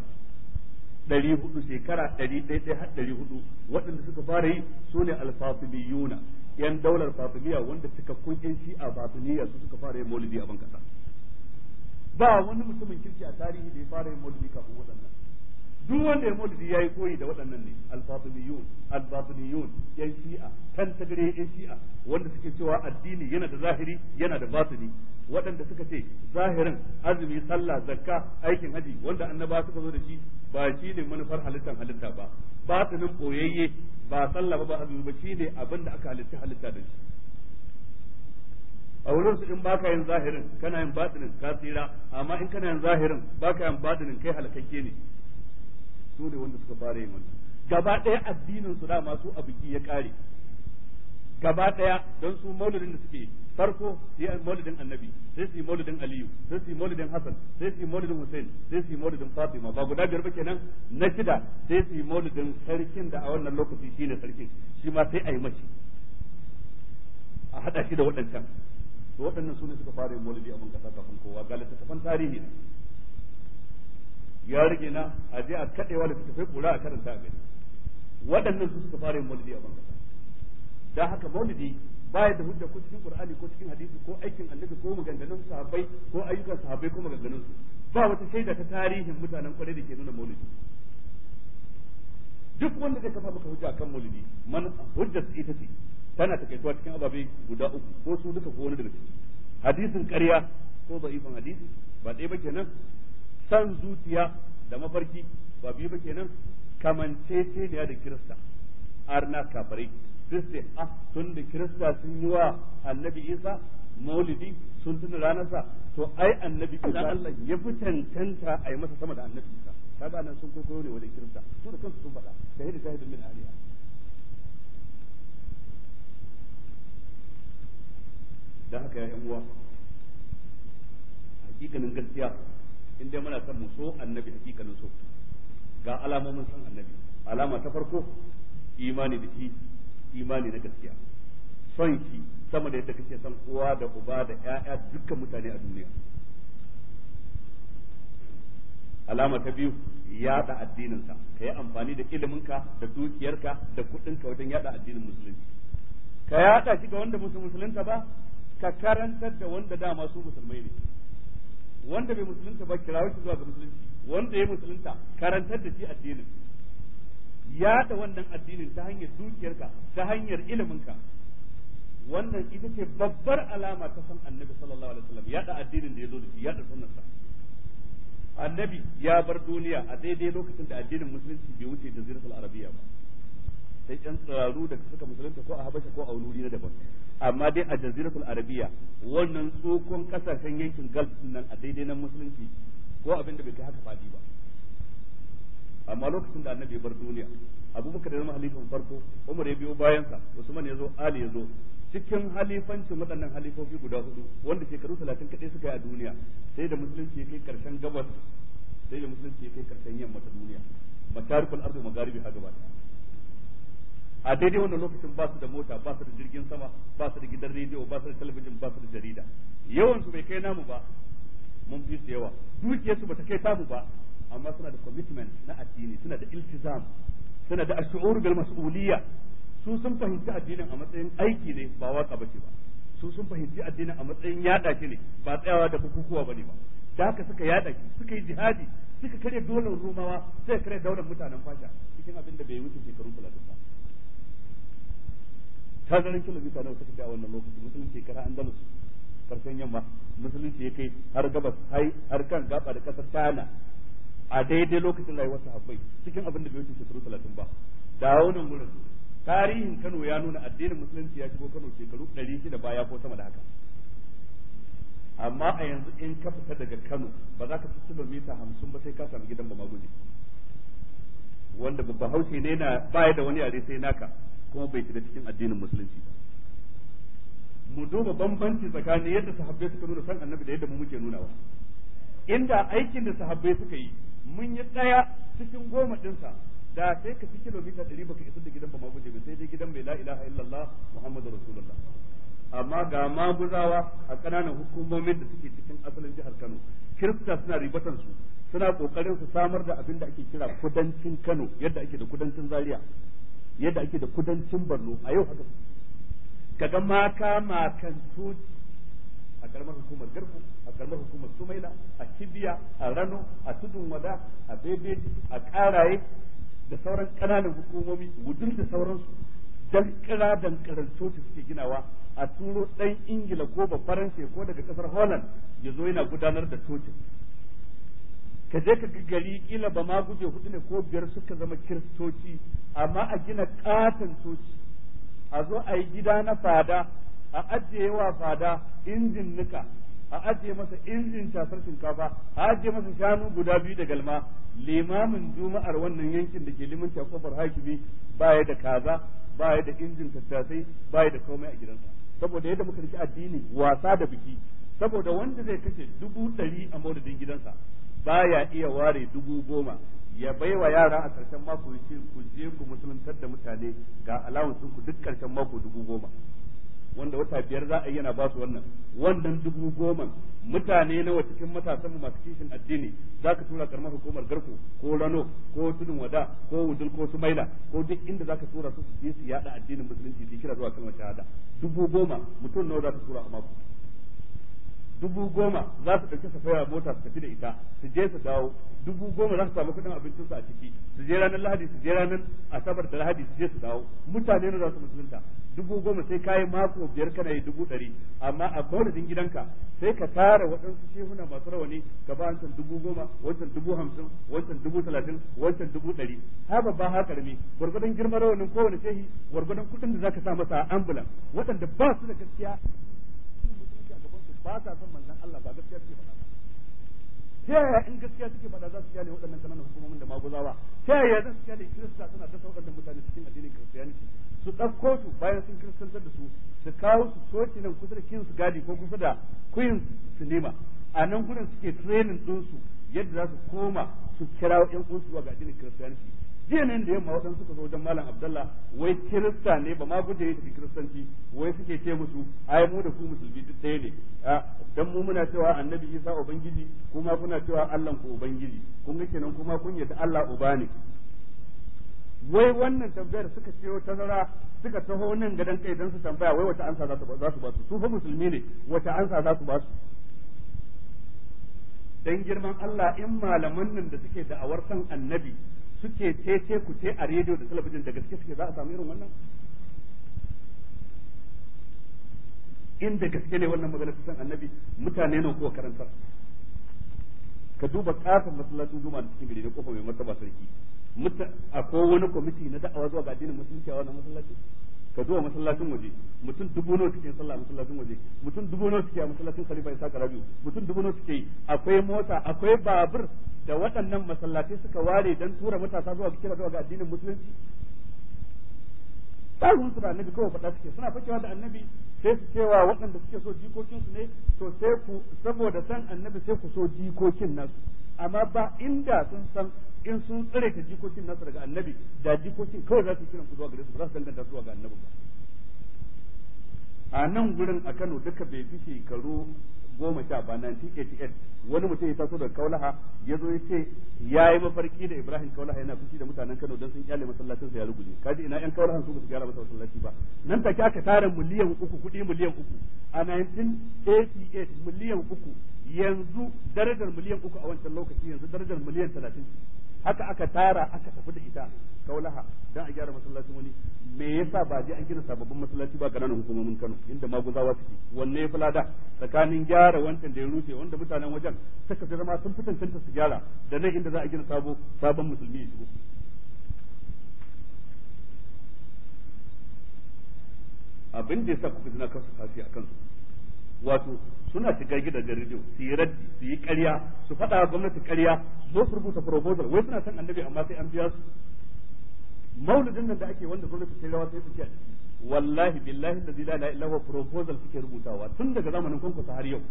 400 hudu shekara ɗari ɗaya har ɗari hudu waɗanda suka fara yi su ne alfasiliyuna yan daular fatimiyya wanda cikakkun yan shi'a fatimiyya su suka fara yin maulidi a bankasa ba wani mutumin kirki a tarihi da ya fara yin maulidi kafin waɗannan duk wanda ya maulidi yi koyi da waɗannan ne al-fatimiyun yan shi'a kan tagare yan shi'a wanda suke cewa addini yana da zahiri yana da batini waɗanda suka ce zahirin azumi sallah zakka aikin haji wanda annaba suka zo da shi ba shi ne manufar halittar halitta ba ba nan boyayye ba sallah ba ba azumi ba shi ne abin da aka halitta halitta da shi a wurin su in baka yin zahirin kana yin batinin ka tsira amma in kana yin zahirin baka yin batinin kai halakakke ne su ne wanda suka fara yin wannan gaba ɗaya addinin su da masu abuki ya kare gaba ɗaya don su maulidin da suke farko sai yi maulidin annabi sai su yi maulidin aliyu sai su yi maulidin hasan sai su yi maulidin hussein sai su yi maulidin fatima ba guda biyar ba kenan na shida sai su yi maulidin sarkin da a wannan lokaci shi ne sarkin shi ma sai a yi mashi a haɗa shi da waɗancan to waɗannan su ne suka fara yin maulidi a mun kasa kafin kowa ga littattafan tarihi ne ya rage na a je a kaɗewa littattafai kura a karanta a gani waɗannan su suka fara yin maulidi a mun kasa don haka maulidi baya da hujja ko cikin qur'ani ko cikin hadisi ko aikin annabi ko maganganun sahabbai ko ayyukan sahabbai ko maganganun su ba wata shaida ta tarihin mutanen kwarai da ke nuna maulidi duk wanda zai kafa maka hujja akan maulidi man hujjar ita ce tana takaituwa cikin ababe guda uku ko su duka ko wani daga ciki hadisin ƙarya ko da'ifan hadisi ba ɗaya ba kenan san zuciya da mafarki ba biyu ba kenan kamanceceniya da kirista arna kafarai sai ah tun da kirista sun yi wa annabi isa maulidi sun tuna ranarsa to ai annabi isa Allah ya fi cancanta a yi masa sama da annabi isa kaga nan sun koko ne wajen kirista to da kansu sun faɗa da shahidi shahidin min ariya. da haka ya yan uwa hakikanin gaskiya in dai muna son mu so annabi hakikanin so ga alamomin son annabi alama ta farko imani da shi imani na gaskiya son shi sama da yadda kake son kowa da uba da ƴaƴa dukkan mutane a duniya alama ta biyu yada addininsa ka yi amfani da iliminka da dukiyarka da kuɗinka wajen yada addinin musulunci ka yada shi ga wanda musulunta ba ka karantar da wanda dama su musulmai ne wanda bai musulunta ba kirawo shi zuwa ga musulunci wanda ya musulunta karantar da shi addinin yada wannan addinin ta hanyar dukiyarka ta hanyar iliminka wannan ita ce babbar alama ta san annabi sallallahu alaihi wasallam yada addinin da ya zo da shi yada sunnarsa annabi ya bar duniya a daidai lokacin da addinin musulunci bai wuce jaziratul arabiya ba sai yan tsiraru da suka musulunta ko a habasha ko a wuri na daban amma dai a jaziratul arabiya wannan tsokon kasashen yankin gulf nan a daidai nan musulunci ko abin da bai kai haka fadi ba amma lokacin da annabi bar duniya abubakar ya zama halifan farko umar ya biyo bayansa usman ya zo ali ya zo cikin halifancin waɗannan halifofi guda hudu wanda shekaru talatin kaɗai suka yi a duniya sai da musulunci ya kai ƙarshen gabas sai da musulunci ya kai ƙarshen yamma ta duniya masharikul ardu magaribi ha gaba a daidai wannan lokacin ba su da mota ba su da jirgin sama ba su da gidan rediyo ba su da talabijin ba su da jarida yawan su bai kai namu ba mun fi su yawa dukiyar su bata kai tamu ba amma suna da commitment na addini suna da iltizam suna da ash'ur bil mas'uliyya su sun fahimci addinin a matsayin aiki ne ba waka bace ba su sun fahimci addinin a matsayin yada shi ne ba tsayawa da bukukuwa bane ba da haka suka yada shi suka yi jihadi suka kare dolar rumawa suka kare daular mutanen fasha cikin abin da bai wuce shekaru 30 ba tazarin kilomita nawa suka a wannan lokaci musulunci kara an gama karshen yamma musulunci ya kai har gabas har kan gaba da kasar China a daidai lokacin rayuwar sahabbai cikin abin da bai wuce shekaru talatin ba da wani gurin tarihin Kano ya nuna addinin musulunci ya shigo Kano shekaru ɗari shida baya ko sama da haka amma a yanzu in ka fita daga Kano ba za ka fi kilomita hamsin ba sai ka samu gidan ba magoji wanda babban haushi ne na baya da wani yare sai naka kuma bai shiga cikin addinin musulunci ba mu duba bambanci tsakanin yadda sahabbai suka nuna san annabi da yadda mu muke nunawa inda aikin da sahabbai suka yi mun yi ɗaya cikin goma ɗinsa da sai ka fi kilomita ɗari baka isar da gidan ba maguje ba sai dai gidan mai la ilaha illallah muhammadu rasulullah amma ga maguzawa a ƙananan hukumomin da suke cikin asalin jihar kano kirista suna ribatan su suna kokarin su samar da abin da ake kira kudancin kano yadda ake da kudancin zaria yadda ake da kudancin borno a yau haka ka ga mata makan a karamar hukumar garbu a karamar hukumar sumaila a kibiya a rano a tudun wada a bebe a karaye da sauran kananan hukumomi wudul da sauransu dan kira dan karanto suke ginawa a turo dan ingila ko ba Faransa ko daga kasar holland ya zo yana gudanar da coci. ka je ka ga gari kila ba ma guje hudu ne ko biyar suka zama kiristoci amma a gina katon coci a zo a yi gida na fada a ajiye wa fada injin nika a ajiye masa injin shafar shinkafa a ajiye masa shanu guda biyu da galma limamin juma'ar wannan yankin da ke limanta kofar hakimi baya da kaza baya da injin tattasai baya da komai a gidansa saboda yadda muka rike addini wasa da biki saboda wanda zai kashe dubu ɗari a maudadin gidansa baya iya ware dubu goma ya wa yara a karshen mako ya ce ku je ku musuluntar da mutane ga alawansu ku duk karshen mako dubu goma wanda wata biyar za a yi yana ba su wannan wannan dubu goma mutane nawa cikin matasan masu kishin addini za ka tura karamar hukumar garko ko rano ko tudun wada ko wudul ko maila ko duk inda za ka tura su su je su yada addinin musulunci su kira zuwa kalmar shahada dubu goma mutum nawa za ka tura a mako dubu goma za su ɗauki safaya mota su tafi da ita su je su dawo dubu goma za su samu kuɗin abincin su a ciki su je ranar lahadi su je ranar asabar da lahadi su je su dawo mutane ne za su musulunta dubu goma sai kayi mako biyar kana yi dubu ɗari amma a maulidin gidanka sai ka tara waɗansu shehuna masu rawani ka ba wancan dubu goma wancan dubu hamsin wancan dubu talatin wancan dubu ɗari ha babba ha karami gwargwadon girma rawanin kowane shehi gwargwadon kuɗin da za ka sa masa ambulan waɗanda ba su da gaskiya ba sa son manzon Allah ba gaskiya suke faɗa ba ta yaya in gaskiya suke faɗa za su kyale waɗannan kananan hukumomin da maguzawa ta yaya za su kyale kirista suna dasa waɗannan mutane cikin addinin kiristiyaniti su ɗauko su bayan sun kiristantar da su su kawo su soke nan kusa da kinsu gadi ko kusa da queen cinema a nan gurin suke training ɗinsu yadda za su koma su kira ƴan uwansu ga addinin kiristiyaniti jiya nan da yamma waɗansu suka zo wajen malam abdallah wai kirista ne ba ma guje ya tafi kiristanci wai suke ce musu ai mu da ku musulmi duk ɗaya ne dan mu muna cewa annabi isa ubangiji kuma kuna cewa allah ku ubangiji kun ga kenan kuma kun yadda allah uba ne wai wannan tambayar suka ce ta zara suka taho nan gadan kai dan su tambaya wai wata ansa za su ba su su musulmi ne wata ansa za su ba su dan girman Allah in malaman nan da suke da'awar san annabi suke ce ku ce a rediyo da talabijin da gaske suke za a samu irin wannan inda gaske ne wannan magana ta san annabi mutane ne ko karantar ka duba kafin masallacin juma da cikin gari da kofa mai martaba sarki a ko wani kwamiti na da'awa zuwa ga addinin musulunci a wannan masallacin ka zuwa masallacin waje mutum dubu nawa suke sallah a masallacin waje mutum dubu nawa suke a masallacin khalifa isa karabi mutum dubu nawa suke akwai mota akwai babur da waɗannan masallatai suka ware dan tura matasa zuwa kira zuwa ga addinin musulunci ɗagun su da annabi kawai faɗa suke suna fakewa da annabi sai su cewa waɗanda suke so jikokin su ne to sai ku saboda san annabi sai ku so jikokin nasu amma ba inda sun san in sun tsare ta jikokin nasu daga annabi da jikokin kawai za su kiran ku zuwa gare su ba za su danganta zuwa ga annabi ba a nan gurin a Kano duka bai fi shekaru goma sha ba 1988 wani mutum ya taso daga kaulaha ya zo ya ce ya yi mafarki da ibrahim kaulaha yana fushi da mutanen kano don sun kyale masallacin sa ya ruguje kaji ina yan kaulahan su ba su gyara masa masallaci ba nan take aka tara miliyan uku kuɗi miliyan uku a 1988 miliyan uku yanzu darajar miliyan uku a wancan lokaci yanzu darajar miliyan talatin haka aka tara aka tafi da ita kaulaha dan a gyara masallacin wani me yasa ba je an gina sababbin masallaci ba kananan hukumomin Kano inda maguzawa suke wanne ya fulada tsakanin gyara wancan da ya rufe wanda mutanen wajen suka fi zama sun fitan tantance su gyara da nan inda za a gina sabo sabon musulmi ya shigo abin da yasa kuka jina kansu kafi a kansu wato suna shiga gidajen rediyo su yi raddi su yi ƙarya su faɗa gwamnati ƙarya zo su rubuta proposal wai suna san annabi amma sai an biya su maulidin nan da ake wanda gwamnati ta rawa sai su ce wallahi billahi da zila la ilaha proposal suke rubutawa tun daga zamanin kwankwasa har yau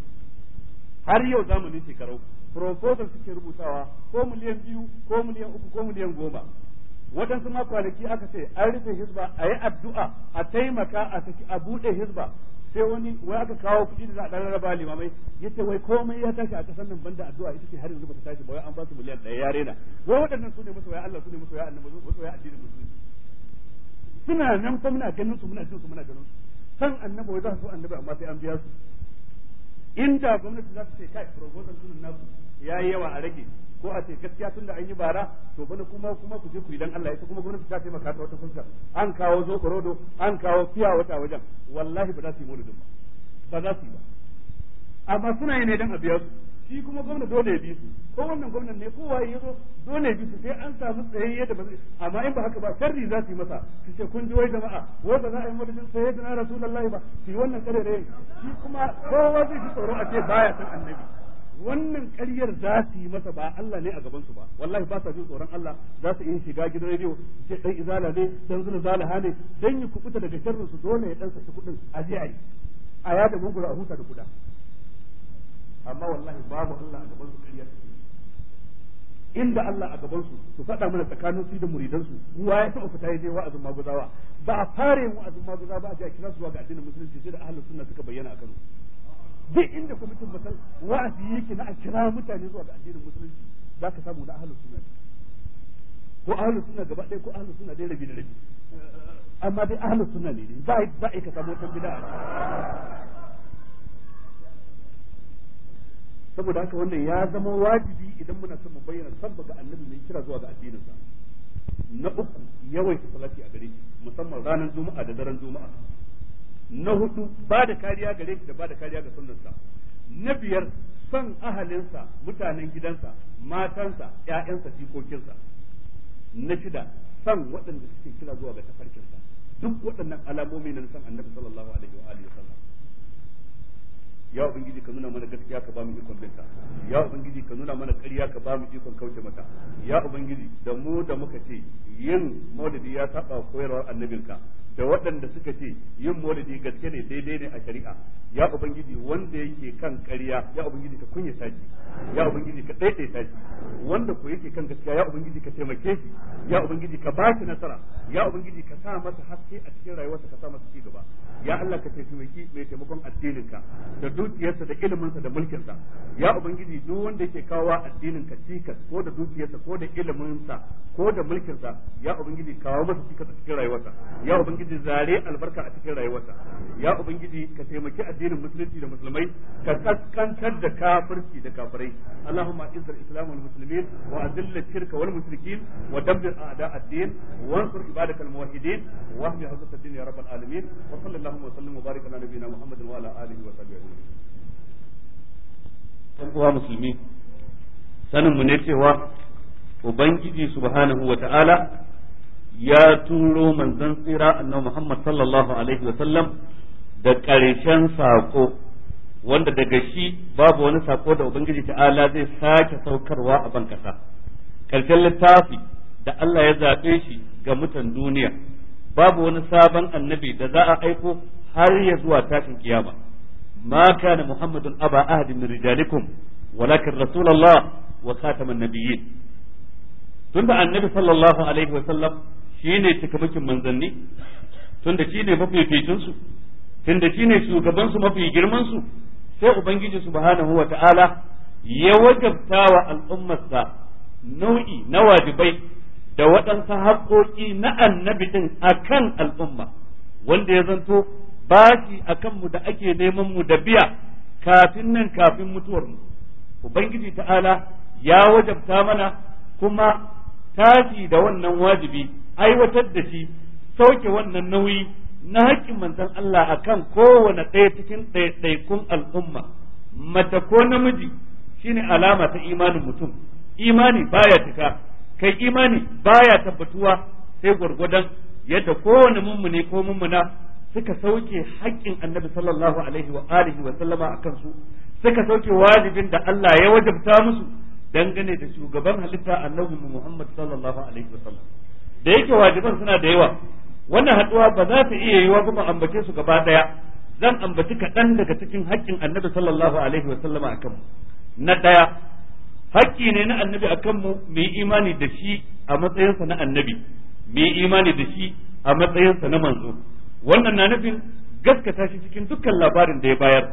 har yau zamanin shekarau proposal suke rubutawa ko miliyan biyu ko miliyan uku ko miliyan goma waɗansu ma kwanaki aka ce an rufe hisba a yi addu'a a taimaka a saki a buɗe hisba. sai wani wai aka kawo kuɗi da za a dan rarraba limamai yace wai komai ya tashi a kasar nan banda addu'a ita ce har yanzu bata tashi ba wai an ba su miliyan ɗaya ya rena wai waɗannan su ne masoya Allah su ne masoya annabi masoya addinin musulunci suna nan fa muna ganin su muna jin su muna ganin su san annabi wai za su annabi amma sai an biya su inda gwamnati za ta ce kai proposal sunan naku yayi yawa a rage ko a ce gaskiya tun da an yi bara to bana kuma kuma ku je ku idan Allah ya kuma gwamnati ta taimaka ta wata fuska an kawo zo rodo an kawo fiya wata wajen wallahi ba za su yi mulkin ba ba za su yi ba amma suna yi ne dan a biya su shi kuma gwamna dole ya bi su ko wannan gwamnan ne kowa ya zo dole ya bi su sai an samu tsayayye da zai amma in ba haka ba sharri za su yi masa su ce kun ji wai jama'a wai ba za a yi mulkin sayyidina rasulullahi ba su yi wannan kare shi kuma kowa zai ji tsoro a ce baya san annabi wannan ƙaryar za su yi masa ba Allah ne a gaban su ba wallahi ba sa jin tsoron Allah za su yi shiga gidan rediyo ce dan izala ne dan zuna zalaha ne dan yi kubuta daga sharrin su dole ya dan saki kudin a je ayi a yada gungura a huta da kuda amma wallahi babu Allah a gaban su ƙaryar inda Allah a gaban su su faɗa mana tsakanin su da muridan su ruwa ya taɓa fita yaje je wa'azin maguzawa ba a fare wa'azin maguzawa ba a je a kira su ga addinin musulunci sai da ahlus sunna suka bayyana a kansu duk inda kwamitin masal wa'azi yake na a kira mutane zuwa ga addinin musulunci za ka samu na ahlus sunna ko ahlus sunna gaba ɗaya ko ahlus sunna dai rabi da rabi amma dai ahlus sunna ne ba ba ka samu wata bid'a saboda haka wannan ya zama wajibi idan muna son mu bayyana sabba ga annabi mai kira zuwa ga addinin sa na uku yawaita salati a gare shi musamman ranar juma'a da daren juma'a na hudu ba da kariya gare shi da ba da kariya ga sunnarsa na biyar son ahalinsa mutanen gidansa matansa ya'yansa jikokinsa na shida son waɗanda suke kira zuwa ga tafarkinsa duk waɗannan alamomi na san annabi sallallahu alaihi wa alihi wasallam ya ubangiji ka nuna mana gaskiya ka ba mu ikon binta ya ubangiji ka nuna mana ƙarya ka ba mu ikon kauce mata ya ubangiji da mu da muka ce yin maulidi ya saba koyarwar annabinka da waɗanda suka ce yin maulidi gaske ne daidai ne a shari'a ya ubangiji wanda yake kan ƙarya ya ubangiji ka kunya saki ya ubangiji ka ɗaiɗai saki wanda ko yake kan gaskiya ya ubangiji ka taimake shi ya ubangiji ka ba shi nasara ya ubangiji ka sa masa haske a cikin rayuwarsa ka sa masa ci gaba ya Allah ka taimaki mai taimakon addininka ka da dukiyarsa da iliminsa da mulkinsa ya ubangiji duk wanda yake kawo addinin cikas ko da dukiyarsa ko da iliminsa ko da mulkinsa ya ubangiji kawo masa cikas a cikin rayuwarsa ya ubangiji zare albarka a cikin rayuwarsa ya ubangiji ka taimaki addinin musulunci da musulmai ka kaskantar da kafirci da kafirai Allahumma izzil islam wal muslimin wa azil shirka wal mushrikin wa dabbir a'da ad-din wansur ibadakal muwahhidin wa ahdi hadath ad-din ya rabbal alamin wa sallallahu اللهم وسلم وبارك على نبينا محمد وعلى اله وصحبه اجمعين musulmi sanin mu ne cewa ubangiji subhanahu wa ta'ala ya turo manzon tsira annabi Muhammad sallallahu alaihi wa sallam da ƙarshen sako wanda daga shi babu wani sako da ubangiji ta'ala zai sake saukarwa a ban ƙarshen littafi da Allah ya zaɓe shi ga mutan duniya babu wani sabon annabi da za a aiko har ya zuwa takin kiyama ma kana muhammadun aba ahadin min rijalikum walakin rasulullah wa khataman nabiyyin tunda annabi sallallahu alaihi wa sallam shine cikamakin manzanni tunda shine mafificin su tunda shine shugaban su mafi girman su sai ubangiji subhanahu wa ta'ala ya wajabta wa al'ummarsa nau'i na wajibai da waɗansu haƙoƙi na annabi ɗin a kan al'umma wanda ya zanto bashi a kanmu da ake neman mu da biya kafin nan kafin mutuwar mu, ubangiji ta'ala ya wajabta mana kuma tashi da wannan wajibi aiwatar da shi sauke wannan nauyi na haƙƙin manzon Allah a kan kowane ɗaya cikin ɗaiɗaikun al'umma mata ko namiji shine alama ta imanin mutum imani baya cika kai imani baya tabbatuwa sai gurgudan yadda kowane mummune ko mummuna suka sauke haƙƙin annabi sallallahu alaihi wa alihi wa sallama akan su suka sauke wajibin da Allah ya wajabta musu dangane da shugaban halitta annabi Muhammad sallallahu alaihi wa sallam da yake wajiban suna da yawa wannan haduwa ba za ta iya yiwa ba ambace su gaba daya zan ambaci kaɗan daga cikin haƙƙin annabi sallallahu alaihi wa sallama akan na daya haƙƙi ne na annabi a mu mai imani da shi a matsayinsa na annabi mu imani da shi a matsayinsa na manzo wannan na nufin gaskata shi cikin dukkan labarin da ya bayar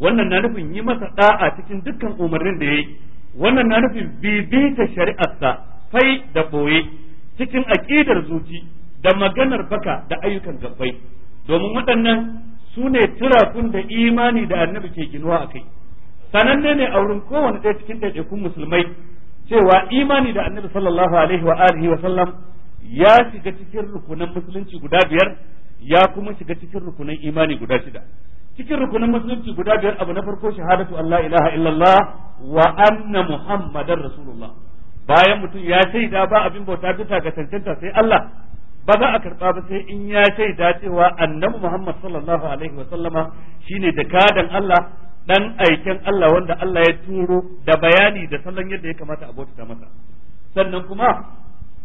wannan na nufin yi masa da'a cikin dukkan umarnin da ya yi wannan na nufin bibita shari'arsa fai da boye cikin aƙidar zuci da maganar baka da ayyukan gabbai domin waɗannan su ne turafin da imani da annabi ke ginuwa a kai sananne ne a wurin kowane ɗaya cikin ɗaiɗaikun musulmai cewa imani da annabi sallallahu alaihi wa alihi wa sallam ya shiga cikin rukunan musulunci guda biyar ya kuma shiga cikin rukunan imani guda shida cikin rukunan musulunci guda biyar abu na farko shahadatu Allah ilaha illallah wa anna muhammadar rasulullah bayan mutum ya shaida ba abin bauta bisa ga tantanta sai Allah ba za a karba ba sai in ya shaida cewa annabi muhammad sallallahu alaihi wa sallama shine jakadan Allah dan aiken Allah wanda Allah ya turo da bayani da salon yadda ya kamata a bauta masa sannan kuma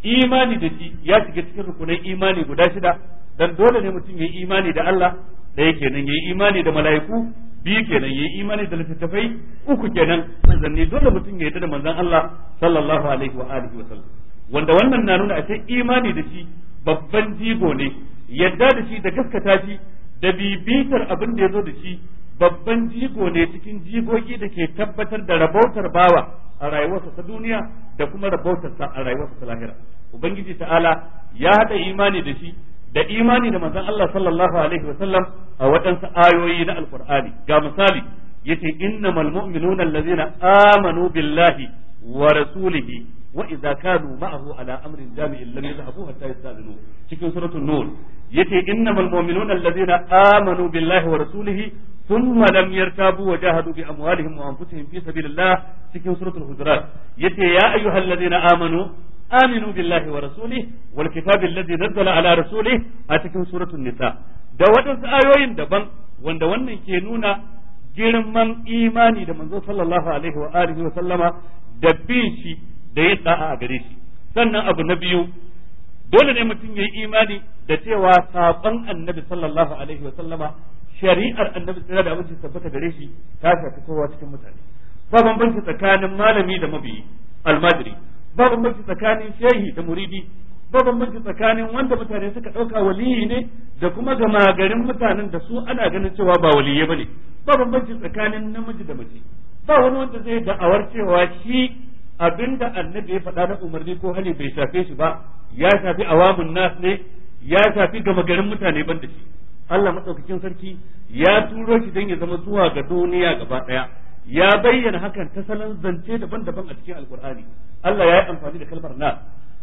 imani da shi ya shiga cikin rukunin imani guda shida dan dole ne mutum ya yi imani da Allah da yake nan ya yi imani da mala'iku biyu kenan ya yi imani da littattafai uku kenan manzanni dole mutum ya yi da manzan Allah sallallahu alaihi wa alihi wa sallam wanda wannan na nuna ashe imani da shi babban jigo ne yadda da shi da gaskata shi da bibitar abin da ya zo da shi babban jigo ne cikin jigogi da ke tabbatar da rabautar bawa a rayuwarsa ta duniya da kuma rabautarsa a rayuwarsa ta lahira ubangiji ta'ala ya hada imani da shi da imani da manzon Allah sallallahu alaihi wa sallam a waɗansu ayoyi na alqur'ani ga misali yace innamal mu'minuna allazina amanu billahi wa rasulihi wa idza kanu ma'ahu ala amrin jami'in lam yadhhabu hatta yastazinu cikin suratul nur yace innamal mu'minuna allazina amanu billahi wa rasulihi Sun lam yartabu wa jahadu bi amwalihim wa anfusihim fi sabilillah cikin suratul hujurat yace ya ayyuhallazina amanu aminu billahi wa rasuli wal kitabi alladhi nazzala ala rasulih a cikin suratun nisa da wadansu ayoyin daban wanda wannan ke nuna girman imani da manzo sallallahu alaihi wa alihi wa sallama da bin shi da ya da'a a gare sannan abu na biyu dole ne mutum ya yi imani da cewa saƙon annabi sallallahu alaihi wasallama shari'ar annabi tsira da abinci tabbata gare shi ta shafi kowa cikin mutane ba bambanci tsakanin malami da mabiyi almajiri ba bambanci tsakanin shehi da muridi ba bambanci tsakanin wanda mutane suka ɗauka waliyi ne da kuma gama garin mutanen da su ana ganin cewa ba waliye bane ba bambanci tsakanin namiji da mace ba wani wanda zai da'awar cewa shi abinda annabi ya faɗa na umarni ko hali bai shafe shi ba ya shafi awamun nas ne ya shafi gama garin mutane ban da shi Allah madaukakin sarki ya turo shi dan ya zama zuwa ga duniya gaba ɗaya ya bayyana hakan ta salon zance daban-daban a cikin alkur'ani Allah ya yi amfani da kalmar na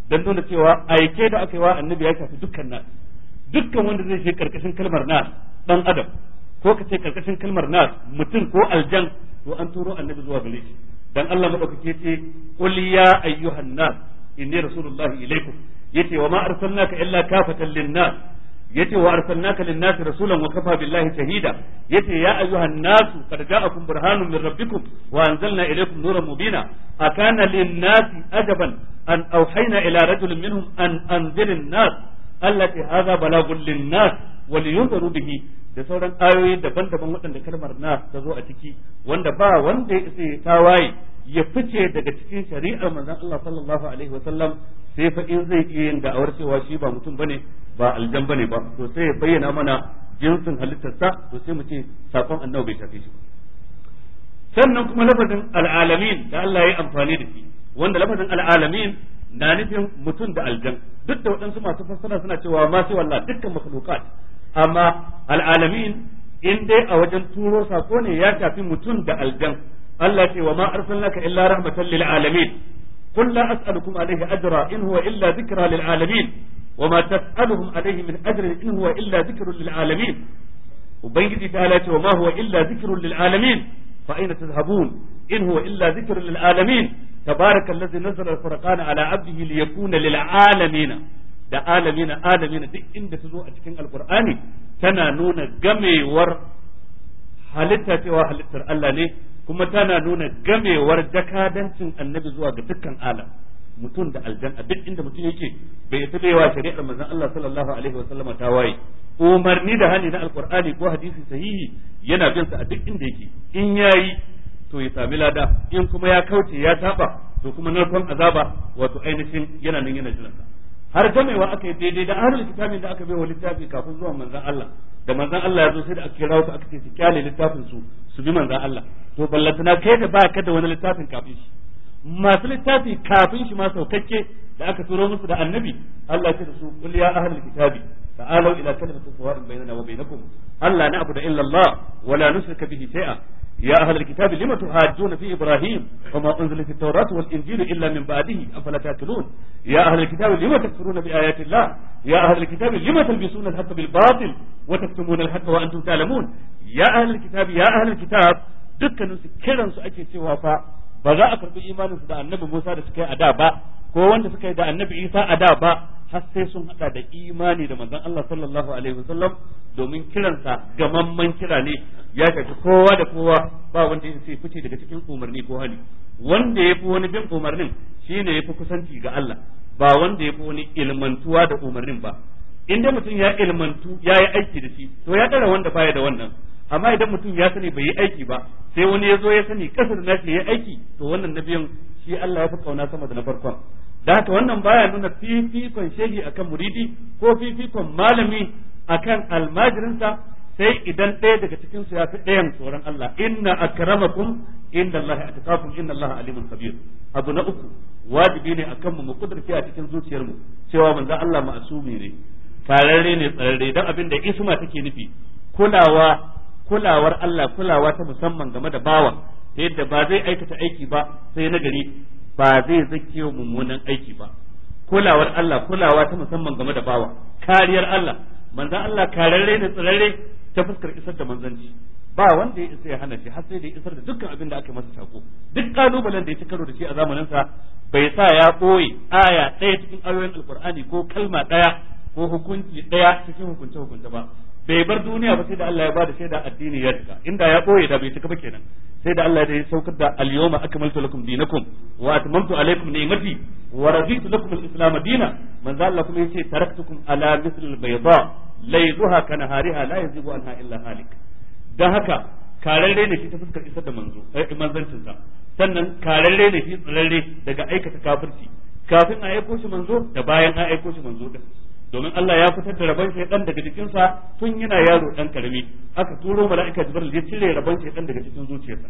don nuna cewa aike da aka yi wa annabi ya shafi dukkan na dukkan wanda zai shi karkashin kalmar na dan adam ko ka ce karkashin kalmar na mutum ko aljan to an turo annabi zuwa gare shi dan Allah madaukake ce qul ya ayyuhan nas inni rasulullahi ilaikum yace wa ma arsalnaka illa kafatan lin nas yace wa arsalnaka lin-nasi rasulan wa kafa billahi shahida yace ya ayyuhan nasu qad ja'akum burhanun min rabbikum wa anzalna ilaykum nuran mubina akana lin-nasi ajaban an awhayna ila rajulin minhum an anzirin nas allati hadha balagun lin-nas wa bihi da sauran ayoyi daban-daban waɗanda kalmar na ta zo a ciki wanda ba wanda ya tawaye ya fice daga cikin shari'ar manzon Allah sallallahu alaihi Wasallam sai fa in zai iya yin da'awar cewa shi ba mutum bane ba aljan bane ba to sai ya bayyana mana jinsin halittarsa to sai mu ce sakon annabi bai tafi shi sannan kuma lafazin al'alamin da Allah ya amfani da shi wanda lafazin al'alamin na nufin mutum da aljan duk da waɗansu masu fassara suna cewa ma sai wallah dukkan makhluqat amma al'alamin in dai a wajen turo sako ne ya shafi mutum da aljan Allah ce wa ma arsalnaka illa rahmatan lil alamin قل لا أسألكم عليه أجرا إن هو إلا ذكرى للعالمين وما تسألهم عليه من أجر إن هو إلا ذكر للعالمين وبنجد تعالى وما هو إلا ذكر للعالمين فأين تذهبون إن هو إلا ذكر للعالمين تبارك الذي نزل الفرقان على عبده ليكون للعالمين da alamina alamina duk inda ta zo a cikin alkur'ani tana nuna gamewar halitta cewa halittar Allah ne kuma tana nuna gamewar jakadancin annabi zuwa ga dukkan alam mutum da aljan a duk inda mutum yake bai yadda yawa wa shari'ar manzon Allah sallallahu alaihi wa sallama ta waye umarni da hani na alqur'ani ko hadisi sahihi yana bin sa a duk inda yake in yayi to ya sami lada in kuma ya kauce ya taba to kuma narkon azaba wato ainihin yana nan yana jiran har gamewa aka yi daidai da ahlul kitabin da aka bai wa littafi kafin zuwa manzon Allah da manzon Allah ya zo sai da aka kira su aka ce su kyale littafin su su bi manzon Allah to ballatana kai da ba ka da wani littafin kafin shi masu littafi kafin shi ma saukakke da aka turo musu da annabi Allah ya da su qul ya ahlul kitabi ta'alu ila kalimatin sawa'in bainana wa bainakum alla na'budu illa Allah wa la nushrika bihi shay'a يا أهل الكتاب لم تحاجون في إبراهيم وما أنزل في التوراة ya إلا kitabi lima أفلا تأكلون يا أهل ya لم kitabi lima الله يا أهل الكتاب لم تلبسون الحق بالباطل وتكتمون الحق وأنتم تعلمون ya أهل الكتاب ya أهل kitab dukkanin su kiran su ake cewa fa ba za a karbi imanin su da annabi Musa da suka yi a da ba ko wanda suka yi da annabi Isa a da ba har sai sun hada da imani da manzon Allah sallallahu alaihi wasallam domin kiransa gamamman kira ne ya shafi kowa da kowa ba wanda ya sai fice daga cikin umarni ko hali wanda ya fi wani bin umarnin shine ya fi kusanci ga Allah ba wanda ya fi wani ilmantuwa da umarnin ba inda mutum ya ilmantu ya yi aiki da shi to ya dara wanda baya da wannan amma idan mutum ya sani bai yi aiki ba sai wani ya zo ya sani kasar da nashi ya aiki to wannan na biyan shi Allah ya fi kauna sama da na farkon da haka wannan baya nuna fifikon shehi akan muridi ko fifikon malami akan almajirinsa sai idan ɗaya daga cikin su ya fi ɗayan tsoron Allah inna akramakum inda Allah atqakum inna Allah alimun kabir abu na uku wajibi ne akan mu mu a cikin zuciyar mu cewa manzo Allah ma'asumi ne kararre ne tsararre dan abin da isma take nufi kulawa kulawar Allah kulawa ta musamman game da bawa ta yadda ba zai aikata aiki ba sai na gari ba zai zake mummunan aiki ba kulawar Allah kulawa ta musamman game da bawa kariyar Allah manzan Allah kararre ne tsirarre ta fuskar isar da manzanci ba wanda ya isa ya hana shi har sai da ya isar da dukkan abin da aka masa sako duk kalubalen da ya ci karo da shi a zamanin sa bai sa ya boye aya ɗaya cikin ayoyin alkur'ani ko kalma ɗaya ko hukunci ɗaya cikin hukunce hukunce ba bai bar duniya ba sai da Allah ya bada shaida addini ya cika inda ya boye da bai cika ba kenan sai da Allah ya saukar da al-yawma akmaltu lakum dinakum wa atmamtu alaykum ni'mati wa raditu lakum al-islam dina manzo Allah kuma yace taraktukum ala mithl al-bayda laylaha kanahariha la yazibu anha illa halik dan haka kararre ne shi ta fuskar isar da manzo eh, manzancin sa sannan kararre ne shi tsirarre daga aikata kafirci kafin a aiko shi manzo da bayan a aiko shi manzo da domin Allah ya fitar da rabon shaidan daga jikinsa tun yana yaro dan karami aka turo mala'ika jibril ya cire rabon shaidan daga cikin zuciyarsa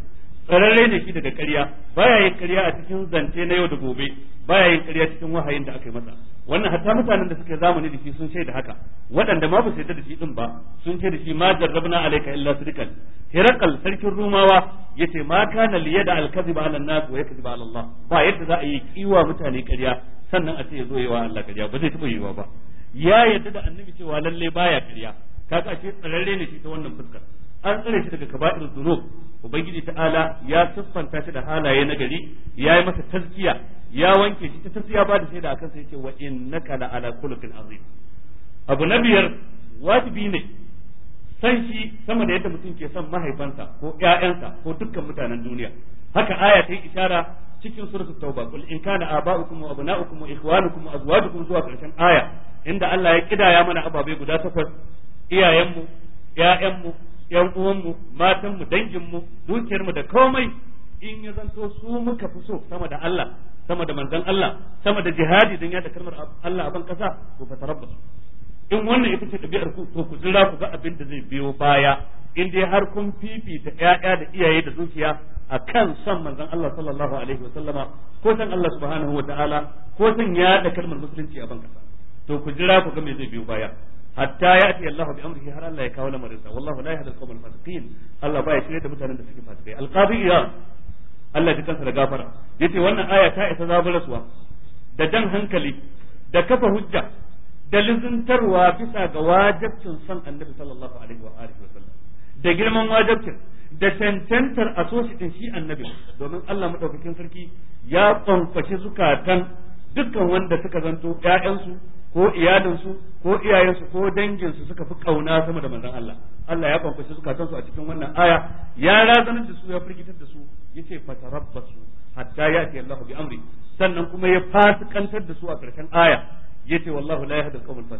tsararre ne shi daga ƙarya baya yin ƙarya a cikin zance na yau da gobe baya yin ƙarya cikin wahayin da aka yi masa wannan hatta mutanen da suka zamani da shi sun da haka waɗanda ma ba su yarda da shi din ba sun ce da shi ma jarrabna alayka illa sidqan hirakal sarkin rumawa yace ma kana liyada alkaziba ala nas wa yakziba ala Allah ba yadda za a yi kiwa mutane ƙarya sannan a ce ya yawa Allah ƙarya ba zai taɓa yiwa ba ya yarda da annabi cewa lalle baya ƙarya ka ashe tsararre ne shi ta wannan fuskar an tsare shi daga kaba'ir dhunub ubangiji ta'ala ya siffanta shi da halaye na gari ya yi masa tazkiya ya wanke shi ta tazkiya ba da sai da akan sai ce wa innaka la ala khuluqin azim abu na biyar wajibi ne san shi sama da yadda mutum ke son mahaifansa ko ƴaƴansa ko dukkan mutanen duniya haka aya ta yi ishara cikin suratul tauba kul in kana aba'ukum wa abna'ukum wa ikhwanukum wa azwajukum zuwa karshen aya inda Allah ya kidaya mana ababai guda takwas iyayenmu ƴaƴanmu ƴan uwanmu matanmu danginmu dukiyarmu da komai in ya zanto su muka fi so sama da Allah sama da manzon Allah sama da jihadi don ya da kalmar Allah a ban kasa to fa tarabbasu in wannan ita ce ɗabi'ar ku to ku jira ku ga abin da zai biyo baya in dai har kun fifita ƴaƴa da iyaye da zuciya a kan son manzon Allah sallallahu alaihi wa sallama ko san Allah subhanahu wa ta'ala ko san ya da kalmar musulunci a ban kasa to ku jira ku ga me zai biyo baya hatta ya ati Allah bi amrihi har Allah ya kawo lamarin sa wallahu la yahdi al-qawm al-fasiqin Allah baya shirye da mutanen da suke fasikai al-qadi ya Allah ya kansa da gafara yace wannan aya ta isa zaburaswa da Dan hankali da kafa hujja da lizintarwa bisa ga wajibcin son annabi sallallahu alaihi wa alihi wasallam da girman wajibcin da cancantar a so shi shi annabi domin Allah madaukakin sarki ya kwamfashe zukatan dukkan wanda suka zanto ƴaƴansu ko iyalinsu ko iyayensu ko danginsu suka fi kauna sama da manzon Allah Allah ya kwankwace zukatansu a cikin wannan aya ya razanar da su ya firgitar da su yace fatarabbasu hatta ya'ti Allahu bi amri sannan kuma ya fasikantar da su a karshen aya yace wallahu la yahdi al-qawm al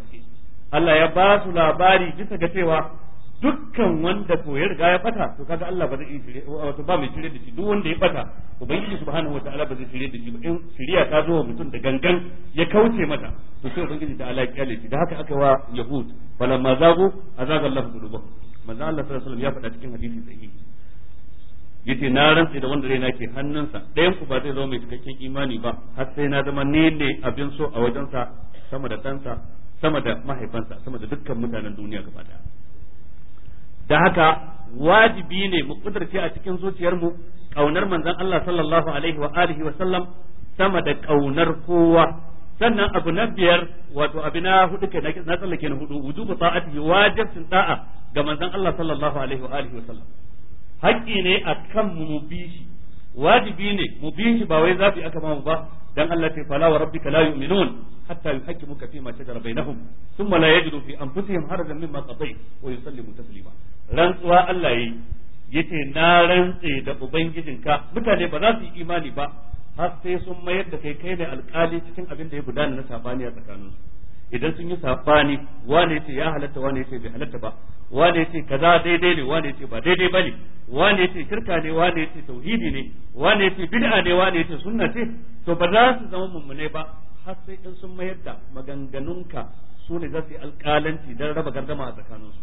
Allah ya ba su labari bisa ga cewa dukkan wanda ko ya riga ya bata to kaga Allah ba zai shirye wato ba mai shirye da shi duk wanda ya bata ubangiji subhanahu wataala ba zai shirye da shi in shirya ta zo wa mutum da gangan ya kauce mata to sai ubangiji ta ala kiyale shi da haka aka wa yahud falamma mazabu azaba Allah qulubahum manzo Allah sallallahu alaihi ya faɗa cikin hadisi sahihi yace na rantse da wanda raina ke hannunsa ɗayan ku ba zai zama mai cikakken imani ba har sai na zama ne ne abin so a wajensa sama da ɗansa sama da mahaifansa sama da dukkan mutanen duniya gaba ɗaya da haka wajibi ne mu kudurce a cikin zuciyarmu kaunar manzon Allah sallallahu alaihi wa alihi wa sallam sama da kaunar kowa sannan abu na biyar wato abu na hudu kai na tsallake na hudu wujubu ta'ati wajibin da'a ga manzon Allah sallallahu alaihi wa alihi wa sallam haƙƙi ne a kan mu bi shi wajibi ne mu bi shi ba wai zafi aka mu ba dan Allah ta fala wa rabbika la yu'minun hatta yuhaqqimuka fi ma shajara bainahum thumma la yajidu fi anfusihim harajan mimma qadayt wa yusallimu taslima rantsuwa Allah yi yace na rantse da ubangijinka mutane ba za su yi imani ba har sai sun mayar da kai kai ne alkali cikin abin da ya gudana na sabani a tsakaninsu idan sun yi sabani wane yace ya halatta wane yace bai halatta ba wane yace kaza daidai ne wane yace ba daidai bane wane yace shirka ne wane yace tauhidi ne wane yace bid'a ne wane yace sunna ce to ba za su zama mummune ba har sai in sun mayar da maganganunka su ne za su yi alkalanci don raba gardama a tsakaninsu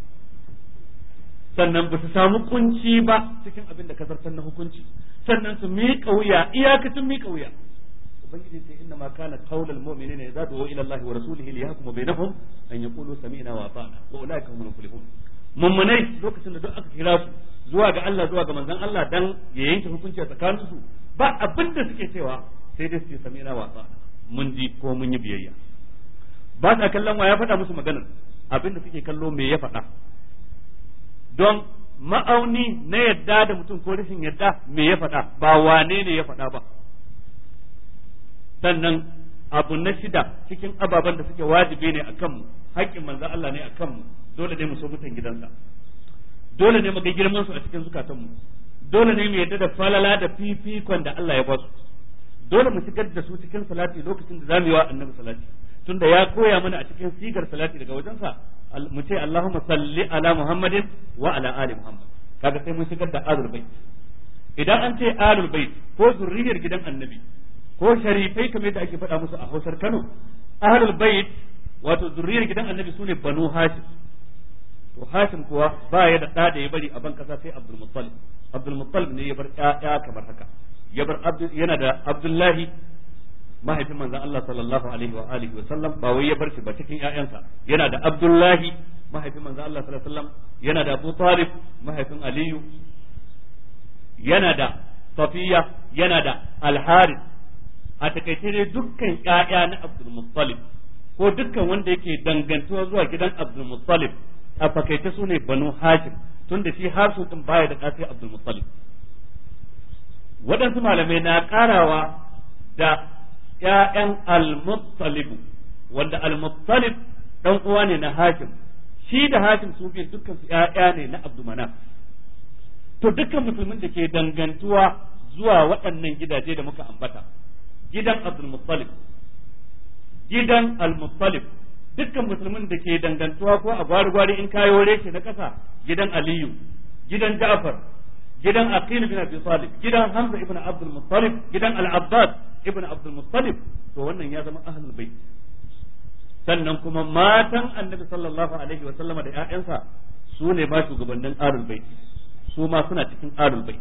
sannan ba su samu kunci ba cikin abin da ka na hukunci sannan su miƙa wuya iyakacin miƙa wuya ubangiji sai inna ma kana qaulal mu'minina idza du'u ila Allah wa rasulihi bai bainahum an yaqulu sami'na wa ata'na wa ulaika humul muflihun mummunai lokacin da duk aka kira su zuwa ga Allah zuwa ga manzon Allah dan ya yanke hukunci a tsakanin su ba abin da suke cewa sai dai su ce sami'na wa ata'na mun ji ko mun yi biyayya ba sa kallon wa ya faɗa musu maganar abin da suke kallo me ya faɗa don ma'auni na yadda da mutum ko rashin yadda me ya faɗa ba wane ne ya faɗa ba sannan abu na shida cikin ababen da suke wajibi ne a kanmu haƙƙin manzan Allah ne a kanmu dole ne mu so mutan gidansa dole ne mu ga girman su a cikin zukatanmu dole ne mu yadda da falala da fifikon da Allah ya ba su dole mu shigar da su cikin salati lokacin da zamu yi wa annabi salati tunda ya koya mana a cikin sigar salati daga wajensa mu ce Allahumma salli ala Muhammadin wa ala ali Muhammad kaga sai mun shigar da alul bait idan an ce alul bait ko zurriyar gidan annabi ko sharifai kamar yadda ake faɗa musu a Hausar Kano ahlul bait wato zurriyar gidan annabi sune banu hashim to hashim kuwa ba ya da da ya bari a ban kasa sai Abdul Muttalib Abdul Muttalib ne ya bar ƴaƴa kamar haka ya bar yana da Abdullahi mahaifin manzon Allah sallallahu alaihi wa alihi wa sallam ba wai ya bar shi ba cikin ƴaƴansa yana da Abdullahi mahaifin manzon Allah sallallahu alaihi wa sallam yana da Abu Talib mahaifin Aliyu yana da Safiya yana da Al-Harith a takaice dai dukkan ƴaƴa na Abdul Muttalib ko dukkan wanda yake dangantuwa zuwa gidan Abdul Muttalib a fakaice su ne Banu Hashim tunda shi Hashim din baya da kasi Abdul Muttalib waɗansu malamai na karawa da ƴaƴan al wanda al ɗan uwa ne na Hashim shi da Hashim su bi dukkan su ƴaƴa ne na abdumana to dukkan musulmin da ke dangantuwa zuwa waɗannan gidaje da muka ambata gidan Abdul gidan al-muttalib dukkan musulmin da ke dangantuwa ko a gwari-gwari in kayo reshe na ƙasa gidan aliyu gidan ja'far gidan aqil bin abi talib gidan hamza ibn abdul muttalib gidan al-abbas ibn abdul muttalib to wannan ya zama ahlul bait sannan kuma matan annabi sallallahu alaihi wa sallama da ƴaƴansa su ne ba shugabannin ahlul bait su ma suna cikin ahlul bait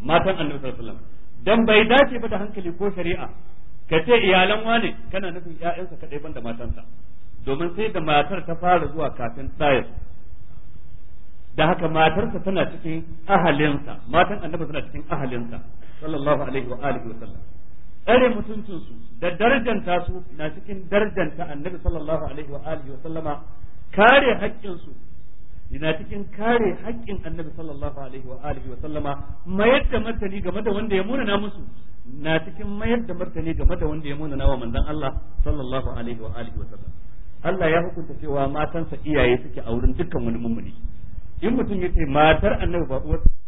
matan annabi sallallahu alaihi wa sallam dan bai dace ba da hankali ko shari'a ka ce iyalan wane kana nufin ƴaƴansa kadai banda matansa domin sai da matar ta fara zuwa kafin tsayar da haka matarsa tana cikin ahalinsa matan annabi suna cikin ahalinsa sallallahu alaihi wa alihi wa sallam tsare mutuncinsu da darjanta su na cikin darjanta annabi sallallahu alaihi wa alihi wa sallama kare haƙƙinsu na cikin kare haƙƙin annabi sallallahu alaihi wa alihi wa sallama mayar da martani game da wanda ya munana musu na cikin mayar da martani game da wanda ya munana wa manzon Allah sallallahu alaihi wa alihi wa sallam Allah ya hukunta cewa matansa iyaye suke a wurin dukkan wani mummuni in mutum yace matar annabi ba uwarsa